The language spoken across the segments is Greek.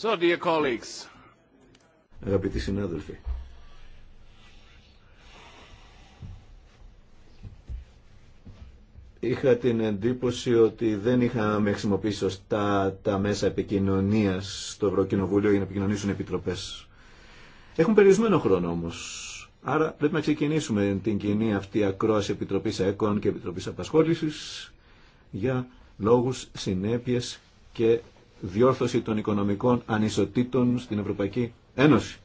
So, dear colleagues. Αγαπητοί συνάδελφοι, είχα την εντύπωση ότι δεν είχαμε χρησιμοποιήσει σωστά τα μέσα επικοινωνίας στο Ευρωκοινοβούλιο για να επικοινωνήσουν οι επιτροπές. Έχουν περιορισμένο χρόνο όμως. Άρα πρέπει να ξεκινήσουμε την κοινή αυτή ακρόαση Επιτροπής ΕΚΟΝ και Επιτροπής Απασχόλησης για λόγους, συνέπειες και διόρθωση των οικονομικών ανισοτήτων στην Ευρωπαϊκή Ένωση.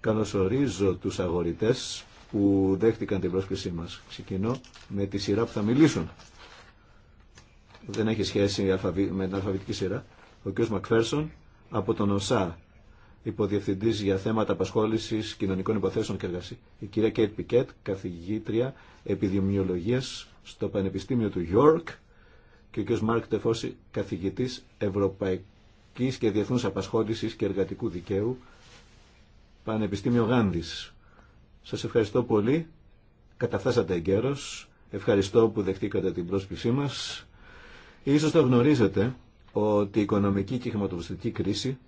Καλωσορίζω τους αγορητές που δέχτηκαν την πρόσκλησή μας. Ξεκινώ με τη σειρά που θα μιλήσουν. Δεν έχει σχέση με την αλφαβητική σειρά. Ο κ. Μακφέρσον από τον ΟΣΑ, υποδιευθυντής για θέματα απασχόλησης κοινωνικών υποθέσεων και εργασία Η κυρία Κέιτ Πικέτ, καθηγήτρια επιδημιολογίας στο Πανεπιστήμιο του York και ο κ. Μάρκ Τεφώση, καθηγητής Ευρωπαϊκής και διεθνού Απασχόλησης και Εργατικού Δικαίου, Πανεπιστήμιο Γάνδη. Σα ευχαριστώ πολύ. Καταφτάσατε εγκαίρω. Ευχαριστώ που δεχτήκατε την πρόσκλησή μας. Ίσως το γνωρίζετε ότι η οικονομική και χρηματοπιστωτική κρίση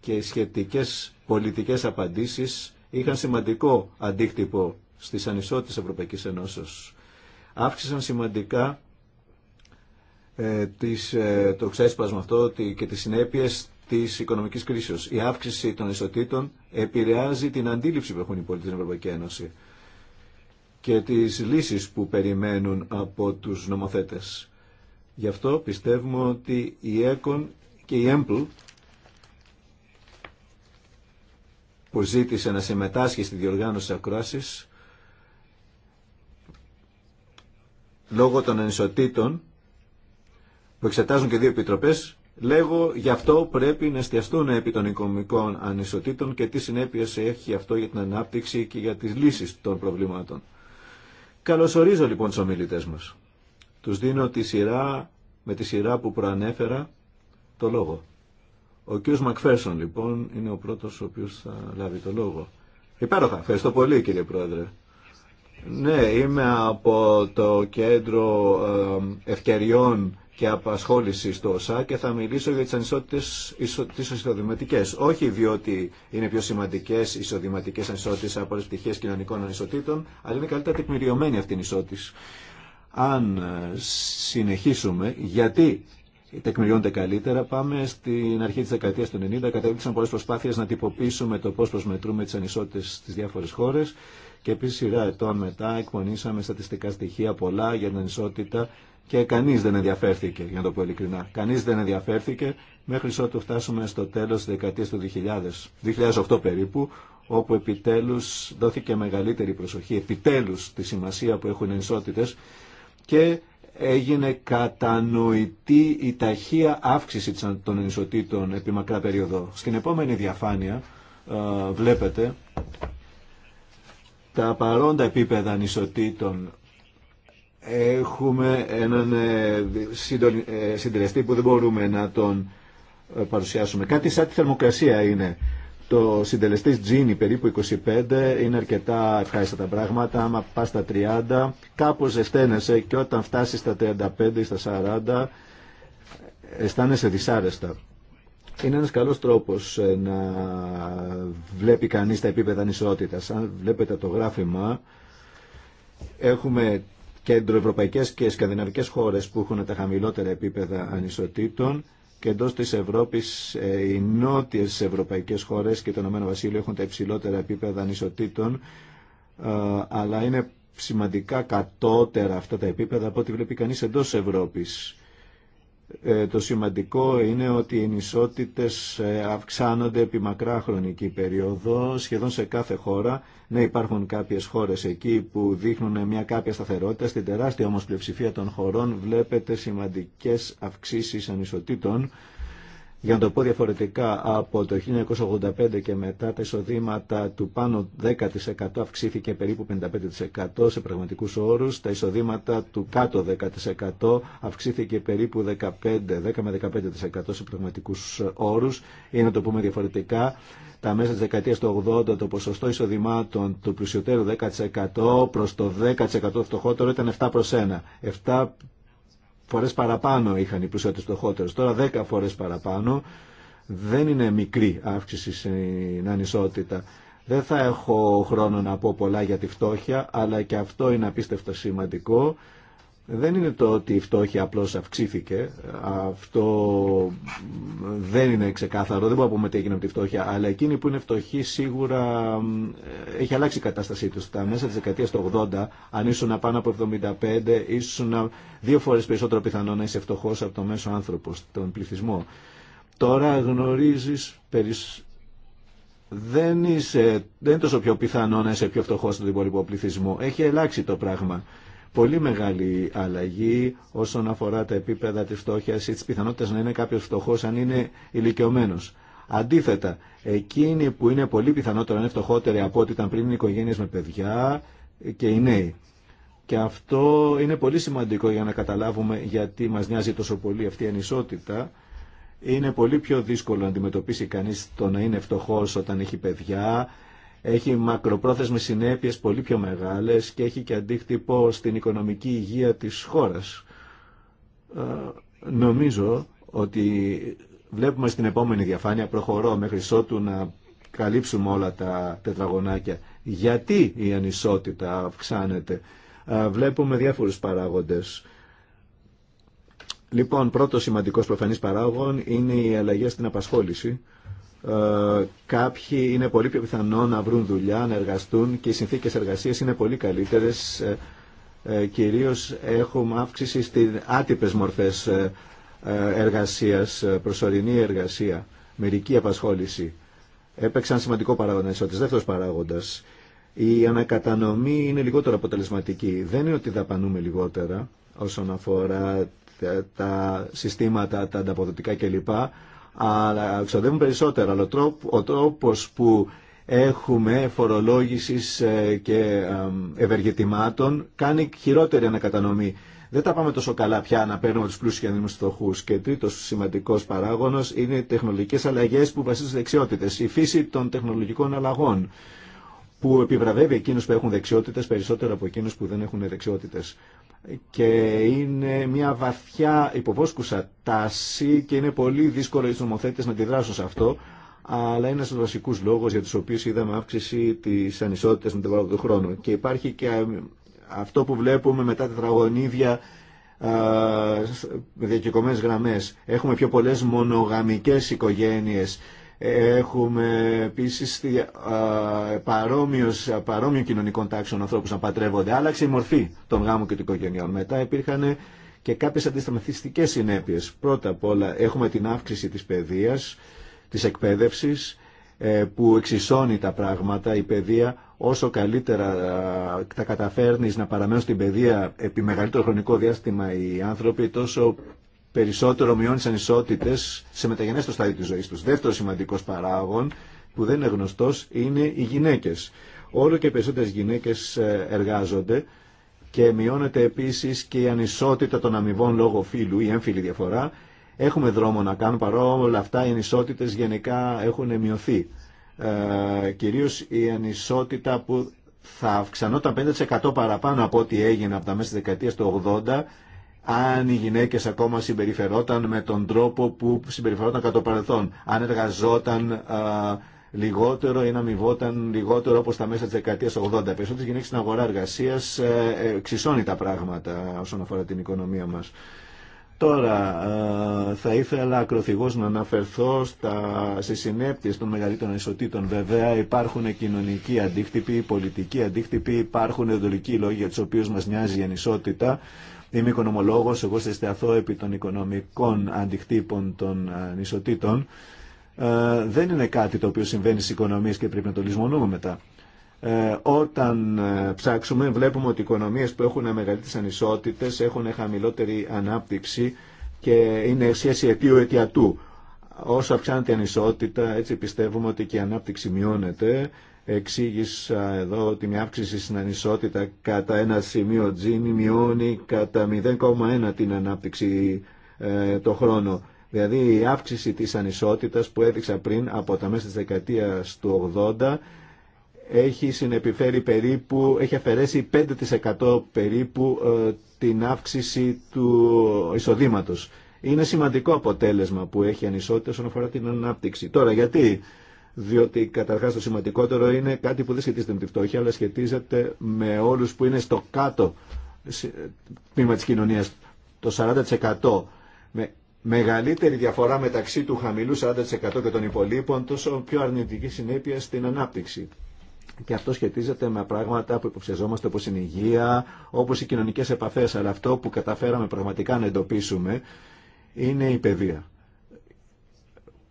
και οι σχετικές πολιτικές απαντήσεις είχαν σημαντικό αντίκτυπο στις ανισότητες Ευρωπαϊκής Ενώσεως. Αύξησαν σημαντικά ε, ε, το ξέσπασμα αυτό και τις συνέπειες της οικονομικής κρίσης. Η αύξηση των ισοτήτων επηρεάζει την αντίληψη που έχουν οι πολίτες στην Ευρωπαϊκή Ένωση και τις λύσεις που περιμένουν από τους νομοθέτες. Γι' αυτό πιστεύουμε ότι η ΕΚΟΝ και η ΕΜΠΛ που ζήτησε να συμμετάσχει στη διοργάνωση ακρόασης λόγω των ενισοτήτων εξετάζουν και δύο επιτροπές, λέγω γι' αυτό πρέπει να εστιαστούν επί των οικονομικών ανισοτήτων και τι συνέπειε έχει αυτό για την ανάπτυξη και για τις λύσεις των προβλημάτων. Καλωσορίζω λοιπόν του ομιλητέ μας. Τους δίνω τη σειρά, με τη σειρά που προανέφερα το λόγο. Ο κ. Μακφέρσον λοιπόν είναι ο πρώτο ο οποίο θα λάβει το λόγο. Υπέροχα. Ευχαριστώ πολύ κύριε Πρόεδρε. Ναι, είμαι από το Κέντρο ε, Ευκαιριών και απασχόληση στο ΩΣΑ και θα μιλήσω για τις ανισότητες τις ισοδηματικές. Όχι διότι είναι πιο σημαντικές οι ισοδηματικές ανισότητες από τις πτυχές κοινωνικών ανισοτήτων, αλλά είναι καλύτερα τεκμηριωμένη αυτή η ισότηση. Αν ε, συνεχίσουμε, γιατί τεκμηριώνεται καλύτερα, πάμε στην αρχή της δεκαετίας του 90, κατέληξαν πολλές προσπάθειες να τυποποιήσουμε το πώς προσμετρούμε τις ανισότητες στις διάφορες χώρες και επίσης σειρά ετών μετά εκπονήσαμε στατιστικά στοιχεία πολλά για την ανισότητα και κανείς δεν ενδιαφέρθηκε, για να το πω ειλικρινά. Κανείς δεν ενδιαφέρθηκε μέχρι ότου φτάσουμε στο τέλος της δεκαετίας του 2000, 2008 περίπου, όπου επιτέλους δόθηκε μεγαλύτερη προσοχή, επιτέλους τη σημασία που έχουν οι ενισότητες και έγινε κατανοητή η ταχεία αύξηση των ενισοτήτων επί μακρά περίοδο. Στην επόμενη διαφάνεια ε, βλέπετε τα παρόντα επίπεδα ανισοτήτων έχουμε έναν ε, ε, συντελεστή που δεν μπορούμε να τον ε, παρουσιάσουμε. Κάτι σαν τη θερμοκρασία είναι. Το συντελεστή Gini περίπου 25 είναι αρκετά ευχάριστα τα πράγματα. Άμα πα στα 30, κάπω ζεσταίνεσαι και όταν φτάσει στα 35 ή στα 40, αισθάνεσαι δυσάρεστα. Είναι ένας καλός τρόπος να βλέπει κανείς τα επίπεδα ανισότητα. Αν βλέπετε το γράφημα, έχουμε Ευρωπαϊκές και σκανδιναβικές χώρες που έχουν τα χαμηλότερα επίπεδα ανισοτήτων και εντό της Ευρώπης ε, οι νότιες ευρωπαϊκές χώρες και το Ηνωμένο Βασίλειο έχουν τα υψηλότερα επίπεδα ανισοτήτων ε, αλλά είναι σημαντικά κατώτερα αυτά τα επίπεδα από ό,τι βλέπει κανείς εντός Ευρώπης. Ε, το σημαντικό είναι ότι οι ενισότητες ε, αυξάνονται επί μακρά χρονική περίοδο, σχεδόν σε κάθε χώρα. Ναι, υπάρχουν κάποιες χώρες εκεί που δείχνουν μια κάποια σταθερότητα. Στην τεράστια όμως πλειοψηφία των χωρών βλέπετε σημαντικές αυξήσεις ανισοτήτων για να το πω διαφορετικά, από το 1985 και μετά τα εισοδήματα του πάνω 10% αυξήθηκε περίπου 55% σε πραγματικούς όρους, τα εισοδήματα του κάτω 10% αυξήθηκε περίπου 15, 10 με 15% σε πραγματικούς όρους. Είναι να το πούμε διαφορετικά, τα μέσα της δεκαετίας του 80 το ποσοστό εισοδημάτων του πλουσιωτέρου 10% προς το 10% φτωχότερο ήταν 7 προς 1. 7 φορές παραπάνω είχαν οι πλουσιότερες φτωχότερες. Τώρα 10 φορές παραπάνω δεν είναι μικρή αύξηση στην ανισότητα. Δεν θα έχω χρόνο να πω πολλά για τη φτώχεια, αλλά και αυτό είναι απίστευτα σημαντικό δεν είναι το ότι η φτώχεια απλώς αυξήθηκε. Αυτό δεν είναι ξεκάθαρο, δεν μπορούμε να πούμε τι έγινε με τη φτώχεια, αλλά εκείνη που είναι φτωχοί σίγουρα έχει αλλάξει η κατάστασή του. Τα μέσα της δεκαετίας του 80, αν ήσουν πάνω από 75, ήσουν δύο φορές περισσότερο πιθανό να είσαι φτωχό από το μέσο άνθρωπο, τον πληθυσμό. Τώρα γνωρίζεις περισσότερο. Δεν, είσαι, δεν είναι τόσο πιο πιθανό να είσαι πιο φτωχό στον υπόλοιπο πληθυσμό. Έχει αλλάξει το πράγμα πολύ μεγάλη αλλαγή όσον αφορά τα επίπεδα της φτώχειας ή τις πιθανότητες να είναι κάποιος φτωχός αν είναι ηλικιωμένος. Αντίθετα, εκείνοι που είναι πολύ πιθανότερο να είναι φτωχότεροι από ό,τι ήταν πριν οι με παιδιά και οι νέοι. Και αυτό είναι πολύ σημαντικό για να καταλάβουμε γιατί μας νοιάζει τόσο πολύ αυτή η ανισότητα. Είναι πολύ πιο δύσκολο να αντιμετωπίσει κανείς το να είναι φτωχός όταν έχει παιδιά έχει μακροπρόθεσμες συνέπειες πολύ πιο μεγάλες και έχει και αντίκτυπο στην οικονομική υγεία της χώρας. Ε, νομίζω ότι βλέπουμε στην επόμενη διαφάνεια, προχωρώ μέχρι ότου να καλύψουμε όλα τα τετραγωνάκια. Γιατί η ανισότητα αυξάνεται. Ε, βλέπουμε διάφορους παράγοντες. Λοιπόν, πρώτο σημαντικός προφανής παράγων είναι η αλλαγή στην απασχόληση. Ε, κάποιοι είναι πολύ πιο πιθανό να βρουν δουλειά, να εργαστούν και οι συνθήκες εργασίας είναι πολύ καλύτερες. Ε, ε κυρίως έχουμε αύξηση στις άτυπες μορφές ε, εργασίας, προσωρινή εργασία, μερική απασχόληση. Έπαιξαν σημαντικό παράγοντα ισότητας. Δεύτερος παράγοντας, η ανακατανομή είναι λιγότερο αποτελεσματική. Δεν είναι ότι δαπανούμε λιγότερα όσον αφορά τα συστήματα, τα ανταποδοτικά κλπ αλλά ξοδεύουν περισσότερα. Αλλά ο τρόπος που έχουμε φορολόγησης ε, και ευεργετημάτων κάνει χειρότερη ανακατανομή. Δεν τα πάμε τόσο καλά πια να παίρνουμε του πλούσιου και ανήμου φτωχού. Και τρίτο σημαντικό παράγονο είναι οι τεχνολογικέ αλλαγέ που βασίζονται στι δεξιότητε. Η φύση των τεχνολογικών αλλαγών που επιβραβεύει εκείνους που έχουν δεξιότητες περισσότερο από εκείνους που δεν έχουν δεξιότητες. Και είναι μια βαθιά υποβόσκουσα τάση και είναι πολύ δύσκολο οι νομοθέτες να αντιδράσουν σε αυτό, αλλά είναι ένας βασικούς λόγους για τους οποίους είδαμε αύξηση της ανισότητας με τον βάρο του χρόνου. Και υπάρχει και αυτό που βλέπουμε μετά τα τραγωνίδια διακεκομένες γραμμές. Έχουμε πιο πολλές μονογαμικές οικογένειες Έχουμε επίση παρόμοιους, κοινωνικών τάξεων ανθρώπου να πατρεύονται. Άλλαξε η μορφή των γάμων και των οικογενειών. Μετά υπήρχαν και κάποιε αντισταθμιστικές συνέπειε. Πρώτα απ' όλα έχουμε την αύξηση τη παιδεία, τη εκπαίδευση, ε, που εξισώνει τα πράγματα, η παιδεία, όσο καλύτερα τα καταφέρνεις να παραμένουν στην παιδεία επί μεγαλύτερο χρονικό διάστημα οι άνθρωποι, τόσο περισσότερο μειώνει τι ανισότητε σε μεταγενέστερο στάδιο τη ζωή του. Δεύτερο σημαντικό παράγον που δεν είναι γνωστό είναι οι γυναίκε. Όλο και περισσότερε γυναίκε ε, εργάζονται και μειώνεται επίση και η ανισότητα των αμοιβών λόγω φύλου, η έμφυλη διαφορά. Έχουμε δρόμο να κάνουμε, παρόλα αυτά οι ανισοτητε γενικά έχουν μειωθεί. Ε, κυρίως η ανισότητα που θα αυξανόταν 5% παραπάνω από ό,τι έγινε από τα μέσα τη δεκαετία του 80 αν οι γυναίκες ακόμα συμπεριφερόταν με τον τρόπο που συμπεριφερόταν κατά το παρελθόν, αν εργαζόταν λιγότερο ή να αμοιβόταν λιγότερο όπως τα μέσα της δεκαετίας 80. Περισσότερες γυναίκες στην αγορά εργασίας ε, ε, ξισώνει τα πράγματα όσον αφορά την οικονομία μας. Τώρα θα ήθελα ακροθυγώς να αναφερθώ στα, σε συνέπειες των μεγαλύτερων ισοτήτων. Βέβαια υπάρχουν κοινωνικοί αντίκτυποι, πολιτικοί αντίκτυποι, υπάρχουν εντολικοί λόγοι για τους οποίους μας νοιάζει η ανισότητα Είμαι οικονομολόγος, εγώ συσταθώ επί των οικονομικών αντικτύπων των ανισοτήτων. Ε, ε, δεν είναι κάτι το οποίο συμβαίνει στις οικονομίες και πρέπει να το λησμονούμε μετά. Ε, όταν ε, ψάξουμε βλέπουμε ότι οι οικονομίες που έχουν μεγαλύτερε ανισότητες έχουν χαμηλότερη ανάπτυξη και είναι σχέση αιτίου αιτιατού. Όσο αυξάνεται η ανισότητα, έτσι πιστεύουμε ότι και η ανάπτυξη μειώνεται Εξήγησα εδώ ότι μια αύξηση στην ανισότητα κατά ένα σημείο τζίνι μειώνει κατά 0,1 την ανάπτυξη ε, το χρόνο. Δηλαδή η αύξηση της ανισότητας που έδειξα πριν από τα μέσα της δεκαετίας του 80 έχει συνεπιφέρει περίπου, έχει αφαιρέσει 5% περίπου ε, την αύξηση του εισοδήματος. Είναι σημαντικό αποτέλεσμα που έχει ανισότητα όσον αφορά την ανάπτυξη. Τώρα γιατί διότι καταρχάς το σημαντικότερο είναι κάτι που δεν σχετίζεται με τη φτώχεια, αλλά σχετίζεται με όλους που είναι στο κάτω τμήμα της κοινωνίας, το 40%. Με μεγαλύτερη διαφορά μεταξύ του χαμηλού 40% και των υπολείπων, τόσο πιο αρνητική συνέπεια στην ανάπτυξη. Και αυτό σχετίζεται με πράγματα που υποψιαζόμαστε όπως είναι η υγεία, όπως οι κοινωνικές επαφές, αλλά αυτό που καταφέραμε πραγματικά να εντοπίσουμε είναι η παιδεία.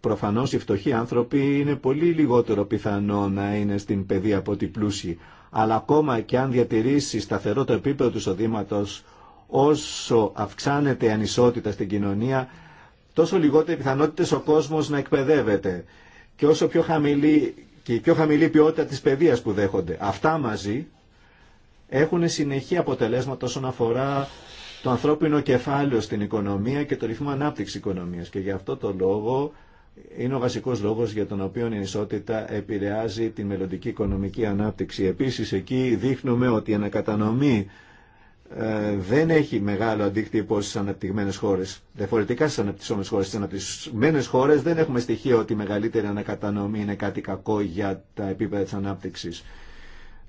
Προφανώς οι φτωχοί άνθρωποι είναι πολύ λιγότερο πιθανό να είναι στην παιδεία από ότι πλούσιοι. Αλλά ακόμα και αν διατηρήσει σταθερό το επίπεδο του εισοδήματο, όσο αυξάνεται η ανισότητα στην κοινωνία, τόσο οι πιθανότητε ο κόσμο να εκπαιδεύεται. Και όσο πιο χαμηλή και η πιο χαμηλή ποιότητα της παιδείας που δέχονται. Αυτά μαζί έχουν συνεχή αποτελέσματα όσον αφορά το ανθρώπινο κεφάλαιο στην οικονομία και το ρυθμό ανάπτυξη οικονομίας. Και γι' αυτό το λόγο είναι ο βασικό λόγος για τον οποίο η ισότητα επηρεάζει τη μελλοντική οικονομική ανάπτυξη. Επίσης εκεί δείχνουμε ότι η ανακατανομή ε, δεν έχει μεγάλο αντίκτυπο στι αναπτυγμένε χώρε. Διαφορετικά στι αναπτυσσόμενε χώρε. Στι αναπτυσσόμενε χώρε δεν έχουμε στοιχείο ότι η μεγαλύτερη ανακατανομή είναι κάτι κακό για τα επίπεδα τη ανάπτυξη.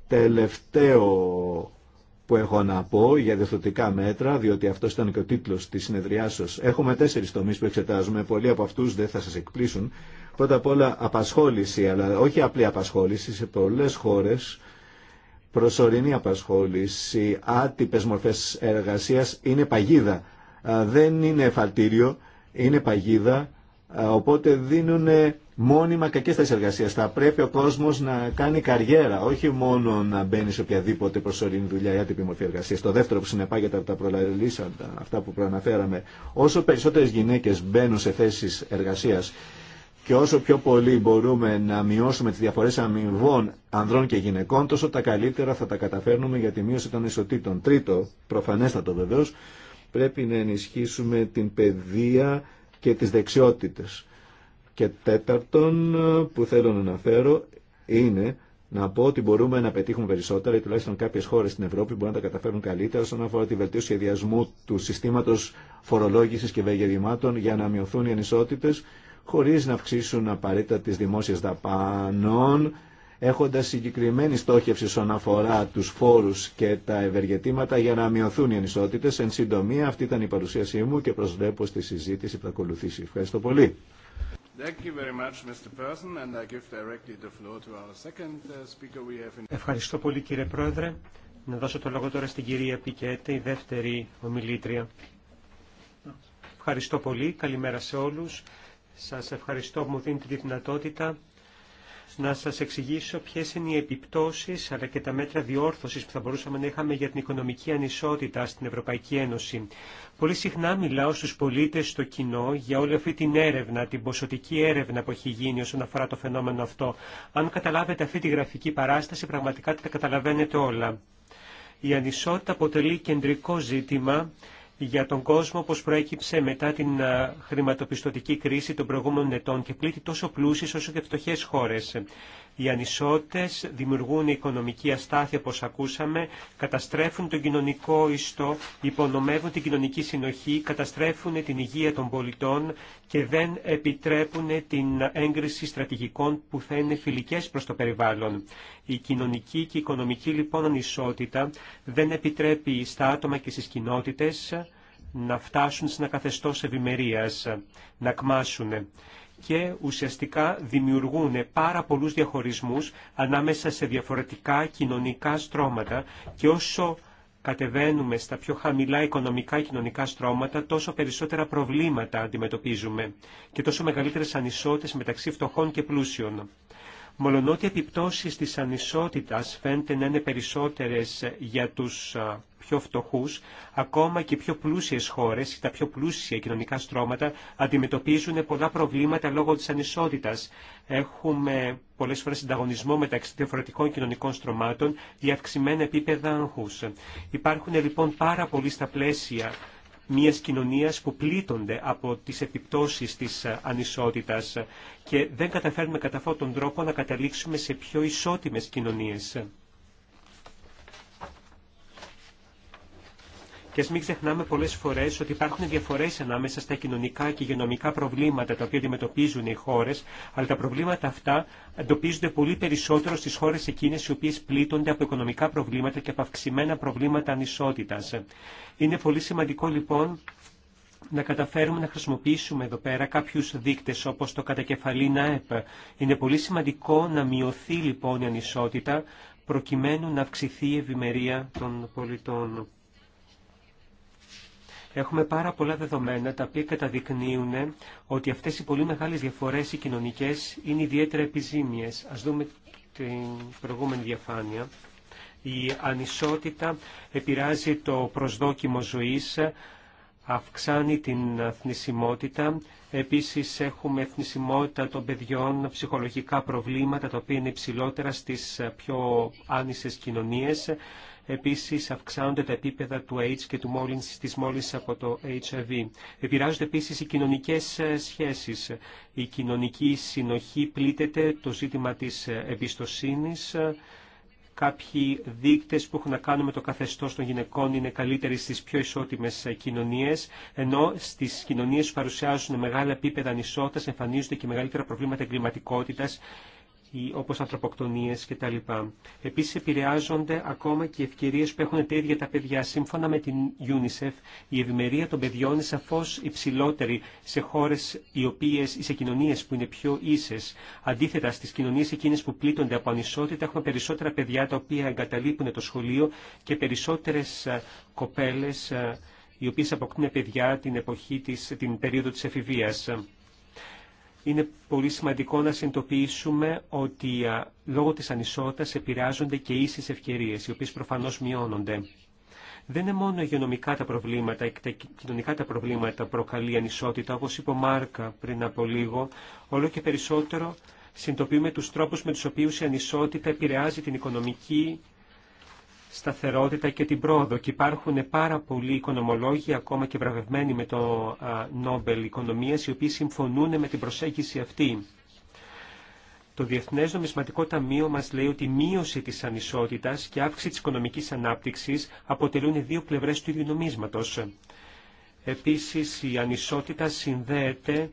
Τελευταίο που έχω να πω για διευθυντικά μέτρα, διότι αυτό ήταν και ο τη της σα. Έχουμε τέσσερις τομείς που εξετάζουμε, πολλοί από αυτούς δεν θα σα εκπλήσουν. Πρώτα απ' όλα απασχόληση, αλλά όχι απλή απασχόληση, σε πολλέ χώρες προσωρινή απασχόληση, άτυπε μορφέ εργασία είναι παγίδα. Δεν είναι εφαλτήριο, είναι παγίδα, οπότε δίνουν μόνιμα κακέ θέσει εργασία. Θα πρέπει ο κόσμο να κάνει καριέρα, όχι μόνο να μπαίνει σε οποιαδήποτε προσωρινή δουλειά ή άτυπη μορφή εργασία. Το δεύτερο που συνεπάγεται από τα προλαλήσαντα, αυτά που προαναφέραμε, όσο περισσότερε γυναίκε μπαίνουν σε θέσει εργασία και όσο πιο πολύ μπορούμε να μειώσουμε τι διαφορέ αμοιβών ανδρών και γυναικών, τόσο τα καλύτερα θα τα καταφέρνουμε για τη μείωση των ισοτήτων. Τρίτο, προφανέστατο βεβαίω, πρέπει να ενισχύσουμε την παιδεία και τις δεξιότητες και τέταρτον ε, που θέλω να αναφέρω είναι να πω ότι μπορούμε να πετύχουμε περισσότερα ή τουλάχιστον κάποιε χώρε στην Ευρώπη μπορούν να τα καταφέρουν καλύτερα όσον αφορά τη βελτίωση σχεδιασμού του συστήματο φορολόγηση και βεγεδημάτων για να μειωθούν οι ανισότητε χωρί να αυξήσουν απαραίτητα τι δημόσιε δαπανών, έχοντα συγκεκριμένη στόχευση όσον αφορά του φόρου και τα ευεργετήματα για να μειωθούν οι ανισότητε. Εν συντομία, αυτή ήταν η παρουσίασή μου και προσβλέπω στη συζήτηση που θα ακολουθήσει. Ευχαριστώ πολύ. Ευχαριστώ πολύ κύριε Πρόεδρε. Να δώσω το λόγο τώρα στην κυρία Πικέτη, η δεύτερη ομιλήτρια. Ευχαριστώ πολύ. Καλημέρα σε όλους. Σας ευχαριστώ που μου δίνετε τη δυνατότητα να σας εξηγήσω ποιες είναι οι επιπτώσεις αλλά και τα μέτρα διόρθωσης που θα μπορούσαμε να είχαμε για την οικονομική ανισότητα στην Ευρωπαϊκή Ένωση. Πολύ συχνά μιλάω στους πολίτες, στο κοινό, για όλη αυτή την έρευνα, την ποσοτική έρευνα που έχει γίνει όσον αφορά το φαινόμενο αυτό. Αν καταλάβετε αυτή τη γραφική παράσταση, πραγματικά τα καταλαβαίνετε όλα. Η ανισότητα αποτελεί κεντρικό ζήτημα για τον κόσμο όπως προέκυψε μετά την χρηματοπιστωτική κρίση των προηγούμενων ετών και πλήττει τόσο πλούσιες όσο και φτωχές χώρες. Οι ανισότητες δημιουργούν οικονομική αστάθεια, όπως ακούσαμε, καταστρέφουν τον κοινωνικό ιστό, υπονομεύουν την κοινωνική συνοχή, καταστρέφουν την υγεία των πολιτών και δεν επιτρέπουν την έγκριση στρατηγικών που θα είναι φιλικές προς το περιβάλλον. Η κοινωνική και οικονομική λοιπόν ανισότητα δεν επιτρέπει στα άτομα και στις κοινότητες να φτάσουν σε ένα καθεστώς ευημερίας, να κμάσουν και ουσιαστικά δημιουργούν πάρα πολλούς διαχωρισμούς ανάμεσα σε διαφορετικά κοινωνικά στρώματα και όσο κατεβαίνουμε στα πιο χαμηλά οικονομικά κοινωνικά στρώματα, τόσο περισσότερα προβλήματα αντιμετωπίζουμε και τόσο μεγαλύτερες ανισότητες μεταξύ φτωχών και πλούσιων μολονότι οι επιπτώσεις της ανισότητας φαίνεται να είναι περισσότερες για τους πιο φτωχούς, ακόμα και οι πιο πλούσιες χώρες και τα πιο πλούσια κοινωνικά στρώματα αντιμετωπίζουν πολλά προβλήματα λόγω της ανισότητας. Έχουμε πολλές φορές συνταγωνισμό μεταξύ διαφορετικών κοινωνικών στρωμάτων για αυξημένα επίπεδα άγχους. Υπάρχουν λοιπόν πάρα πολλοί στα πλαίσια μιας κοινωνίας που πλήττονται από τις επιπτώσεις της ε, ανισότητας και δεν καταφέρνουμε κατά αυτόν τον τρόπο να καταλήξουμε σε πιο ισότιμες κοινωνίες. Και α μην ξεχνάμε πολλέ φορέ ότι υπάρχουν διαφορέ ανάμεσα στα κοινωνικά και υγειονομικά προβλήματα τα οποία αντιμετωπίζουν οι χώρε, αλλά τα προβλήματα αυτά εντοπίζονται πολύ περισσότερο στι χώρε εκείνε οι οποίε πλήττονται από οικονομικά προβλήματα και από αυξημένα προβλήματα ανισότητα. Είναι πολύ σημαντικό λοιπόν να καταφέρουμε να χρησιμοποιήσουμε εδώ πέρα κάποιους δείκτες όπως το κατακεφαλή ΝΑΕΠ. Είναι πολύ σημαντικό να μειωθεί λοιπόν η ανισότητα προκειμένου να αυξηθεί η ευημερία των πολιτών. Έχουμε πάρα πολλά δεδομένα τα οποία καταδεικνύουν ότι αυτές οι πολύ μεγάλες διαφορές οι κοινωνικές είναι ιδιαίτερα επιζήμιες. Ας δούμε την προηγούμενη διαφάνεια. Η ανισότητα επηρεάζει το προσδόκιμο ζωής, αυξάνει την θνησιμότητα. Επίσης έχουμε θνησιμότητα των παιδιών, ψυχολογικά προβλήματα, τα οποία είναι υψηλότερα στις πιο άνισες κοινωνίες. Επίσης αυξάνονται τα επίπεδα του AIDS και του μόλυνση, της μόλυνσης από το HIV. Επηρεάζονται επίσης οι κοινωνικές ε, σχέσεις. Η κοινωνική συνοχή πλήττεται το ζήτημα της ε, εμπιστοσύνης. Κάποιοι δείκτες που έχουν να κάνουν με το καθεστώς των γυναικών είναι καλύτεροι στις πιο ισότιμες ε, κοινωνίες, ενώ στις κοινωνίες που παρουσιάζουν μεγάλα επίπεδα ανισότητας εμφανίζονται και μεγαλύτερα προβλήματα εγκληματικότητας ή όπως ανθρωποκτονίες λοιπά. Επίσης επηρεάζονται ακόμα και οι ευκαιρίες που έχουν τα ίδια τα παιδιά. Σύμφωνα με την UNICEF, η ευημερία των παιδιών είναι σαφώς υψηλότερη σε χώρες οι οποίες, ή σε κοινωνίες που είναι πιο ίσες. Αντίθετα, στις κοινωνίες εκείνες που πλήττονται από ανισότητα έχουμε περισσότερα παιδιά τα οποία εγκαταλείπουν το σχολείο και περισσότερες ε, κοπέλες ε, οι οποίες αποκτούν παιδιά την, εποχή της, την περίοδο της εφηβείας είναι πολύ σημαντικό να συνειδητοποιήσουμε ότι λόγω της ανισότητας επηρεάζονται και ίσες ευκαιρίες, οι οποίες προφανώς μειώνονται. Δεν είναι μόνο υγειονομικά τα προβλήματα, τα κοινωνικά τα προβλήματα προκαλεί ανισότητα, όπως είπε ο Μάρκα πριν από λίγο, όλο και περισσότερο συνειδητοποιούμε τους τρόπους με τους οποίους η ανισότητα επηρεάζει την οικονομική σταθερότητα και την πρόοδο. Και υπάρχουν πάρα πολλοί οικονομολόγοι, ακόμα και βραβευμένοι με το Νόμπελ Οικονομίας, οι οποίοι συμφωνούν με την προσέγγιση αυτή. Το Διεθνές Νομισματικό Ταμείο μας λέει ότι η μείωση της ανισότητας και αύξηση της οικονομικής ανάπτυξης αποτελούν δύο πλευρέ του ίδιου νομίσματο. Επίση, η ανισότητα συνδέεται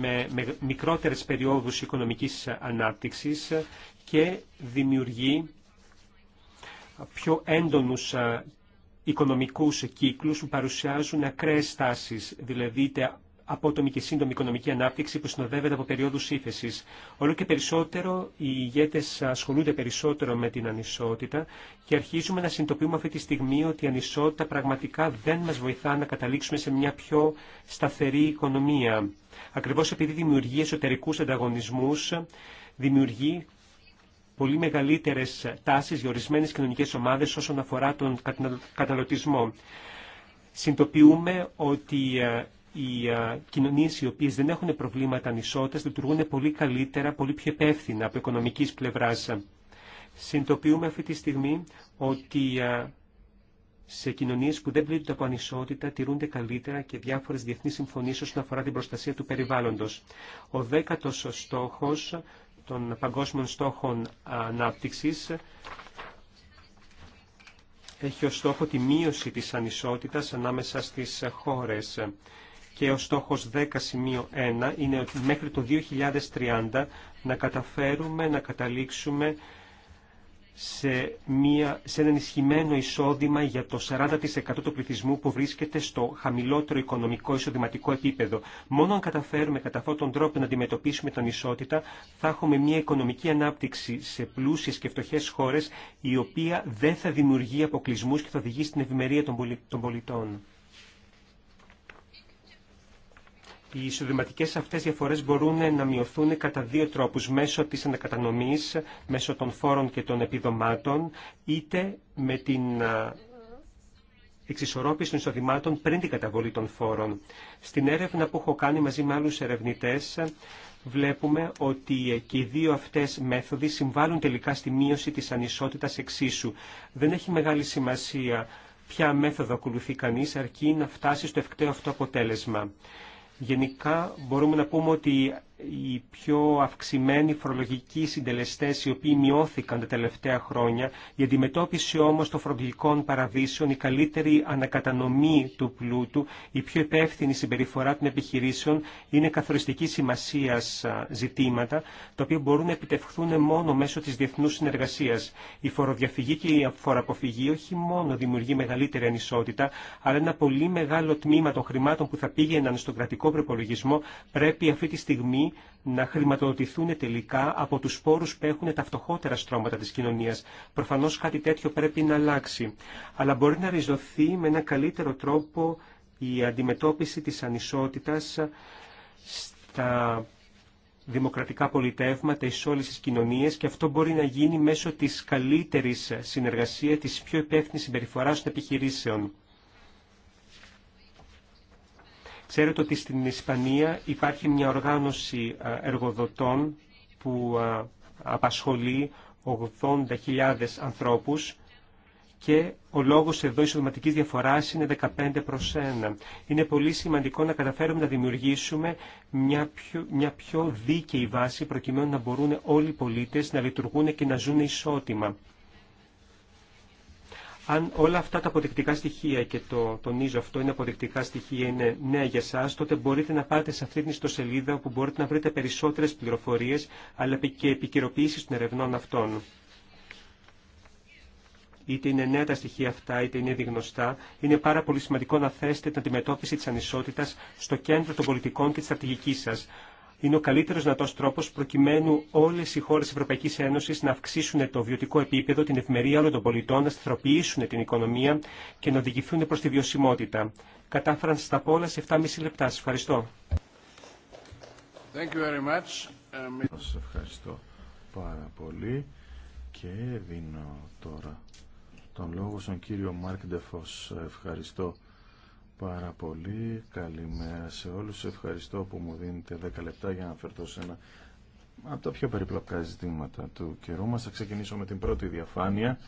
με μικρότερες περιόδους οικονομικής ανάπτυξης και δημιουργεί πιο έντονους ε, οικονομικούς κύκλους που παρουσιάζουν ακραίες τάσεις, δηλαδή είτε απότομη και σύντομη οικονομική ανάπτυξη που συνοδεύεται από περίοδους ύφεση. Όλο και περισσότερο οι ηγέτες ασχολούνται περισσότερο με την ανισότητα και αρχίζουμε να συνειδητοποιούμε αυτή τη στιγμή ότι η ανισότητα πραγματικά δεν μας βοηθά να καταλήξουμε σε μια πιο σταθερή οικονομία. Ακριβώς επειδή δημιουργεί εσωτερικούς ανταγωνισμούς, δημιουργεί πολύ μεγαλύτερες τάσεις για ορισμένες κοινωνικές ομάδες όσον αφορά τον καταλωτισμό. Συντοποιούμε ότι ε, οι ε, κοινωνίε οι οποίε δεν έχουν προβλήματα ανισότητα λειτουργούν πολύ καλύτερα, πολύ πιο επεύθυνα από οικονομική πλευρά. Συντοποιούμε αυτή τη στιγμή ότι ε, σε κοινωνίε που δεν πλήττονται από ανισότητα τηρούνται καλύτερα και διάφορε διεθνεί συμφωνίε όσον αφορά την προστασία του περιβάλλοντο. Ο δέκατο στόχο των παγκόσμιων στόχων ανάπτυξης έχει ως στόχο τη μείωση της ανισότητας ανάμεσα στις χώρες και ο στόχος 10.1 είναι ότι μέχρι το 2030 να καταφέρουμε να καταλήξουμε σε, μια, σε ένα ενισχυμένο εισόδημα για το 40% του πληθυσμού που βρίσκεται στο χαμηλότερο οικονομικό εισοδηματικό επίπεδο. Μόνο αν καταφέρουμε κατά αυτόν τον τρόπο να αντιμετωπίσουμε την ισότητα, θα έχουμε μια οικονομική ανάπτυξη σε πλούσιες και φτωχές χώρες, η οποία δεν θα δημιουργεί αποκλεισμούς και θα οδηγεί στην ευημερία των πολιτών. Οι εισοδηματικές αυτές διαφορές μπορούν να μειωθούν κατά δύο τρόπους, μέσω της ανακατανομής, μέσω των φόρων και των επιδομάτων, είτε με την εξισορρόπηση των εισοδημάτων πριν την καταβολή των φόρων. Στην έρευνα που έχω κάνει μαζί με άλλους ερευνητές, βλέπουμε ότι και οι δύο αυτές μέθοδοι συμβάλλουν τελικά στη μείωση της ανισότητας εξίσου. Δεν έχει μεγάλη σημασία ποια μέθοδο ακολουθεί κανείς, αρκεί να φτάσει στο ευκταίο αυτό αποτέλεσμα. Γενικά μπορούμε να πούμε ότι οι πιο αυξημένοι φορολογικοί συντελεστές οι οποίοι μειώθηκαν τα τελευταία χρόνια, η αντιμετώπιση όμως των φορολογικών παραδείσεων, η καλύτερη ανακατανομή του πλούτου, η πιο υπεύθυνη συμπεριφορά των επιχειρήσεων είναι καθοριστική σημασία ζητήματα, τα οποία μπορούν να επιτευχθούν μόνο μέσω της διεθνού συνεργασίας. Η φοροδιαφυγή και η φοροαποφυγή όχι μόνο δημιουργεί μεγαλύτερη ανισότητα, αλλά ένα πολύ μεγάλο τμήμα των χρημάτων που θα πήγαιναν στον κρατικό προπολογισμό πρέπει αυτή τη στιγμή να χρηματοδοτηθούν τελικά από τους πόρους που έχουν τα φτωχότερα στρώματα της κοινωνίας. Προφανώς κάτι τέτοιο πρέπει να αλλάξει. Αλλά μπορεί να ριζωθεί με ένα καλύτερο τρόπο η αντιμετώπιση της ανισότητας στα δημοκρατικά πολιτεύματα εις όλες τις κοινωνίες και αυτό μπορεί να γίνει μέσω της καλύτερης συνεργασίας, της πιο υπεύθυνης συμπεριφοράς των επιχειρήσεων. Ξέρετε ότι στην Ισπανία υπάρχει μια οργάνωση ε, εργοδοτών που ε, απασχολεί 80.000 ανθρώπους και ο λόγος εδώ εισοδηματικής διαφοράς είναι 15 προς 1. Είναι πολύ σημαντικό να καταφέρουμε να δημιουργήσουμε μια πιο, μια πιο δίκαιη βάση προκειμένου να μπορούν όλοι οι πολίτες να λειτουργούν και να ζουν ισότιμα. Αν όλα αυτά τα αποδεικτικά στοιχεία, και το τονίζω αυτό, είναι αποδεικτικά στοιχεία, είναι νέα για εσά, τότε μπορείτε να πάτε σε αυτή την ιστοσελίδα όπου μπορείτε να βρείτε περισσότερε πληροφορίε αλλά και επικαιροποιήσει των ερευνών αυτών. Είτε είναι νέα τα στοιχεία αυτά, είτε είναι ήδη γνωστά, είναι πάρα πολύ σημαντικό να θέσετε την αντιμετώπιση τη ανισότητα στο κέντρο των πολιτικών και τη στρατηγική σα είναι ο καλύτερο δυνατό τρόπο προκειμένου όλε οι χώρε Ευρωπαϊκή Ένωση να αυξήσουν το βιωτικό επίπεδο, την ευμερία όλων των πολιτών, να σταθεροποιήσουν την οικονομία και να οδηγηθούν προ τη βιωσιμότητα. Κατάφεραν στα πόλα σε 7,5 λεπτά. Σα ευχαριστώ. Thank um, ευχαριστώ πάρα πολύ και δίνω τώρα τον λόγο στον κύριο Μάρκ Ντεφό. Ευχαριστώ πάρα πολύ. Καλημέρα σε όλους. Ευχαριστώ που μου δίνετε 10 λεπτά για να αναφερθώ σε ένα από τα πιο περιπλοκά ζητήματα του καιρού μας. Θα ξεκινήσω με την πρώτη διαφάνεια.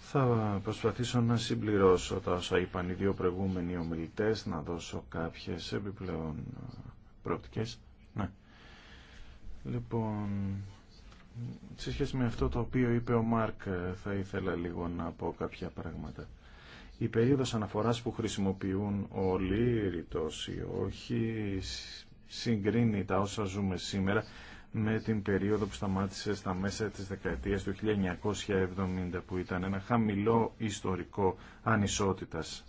Θα προσπαθήσω να συμπληρώσω τα όσα είπαν οι δύο προηγούμενοι ομιλητές, να δώσω κάποιες επιπλέον πρόπτικες. Ναι. Λοιπόν, σε σχέση με αυτό το οποίο είπε ο Μάρκ, θα ήθελα λίγο να πω κάποια πράγματα η περίοδος αναφοράς που χρησιμοποιούν όλοι, ρητός ή όχι, συγκρίνει τα όσα ζούμε σήμερα με την περίοδο που σταμάτησε στα μέσα της δεκαετίας του 1970 που ήταν ένα χαμηλό ιστορικό ανισότητας.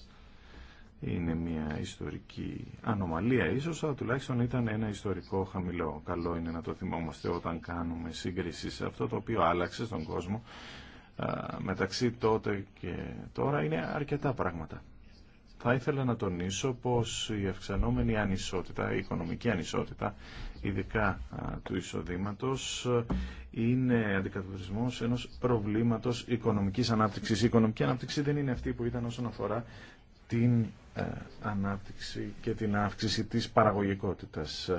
Είναι μια ιστορική ανομαλία ίσως, αλλά τουλάχιστον ήταν ένα ιστορικό χαμηλό. Καλό είναι να το θυμόμαστε όταν κάνουμε σύγκριση σε αυτό το οποίο άλλαξε στον κόσμο μεταξύ τότε και τώρα είναι αρκετά πράγματα. Θα ήθελα να τονίσω πως η αυξανόμενη ανισότητα, η οικονομική ανισότητα, ειδικά του εισοδήματος, είναι αντικατοπτρισμός ενός προβλήματος οικονομικής ανάπτυξης. Η οικονομική ανάπτυξη δεν είναι αυτή που ήταν όσον αφορά την ε, ανάπτυξη και την αύξηση της παραγωγικότητας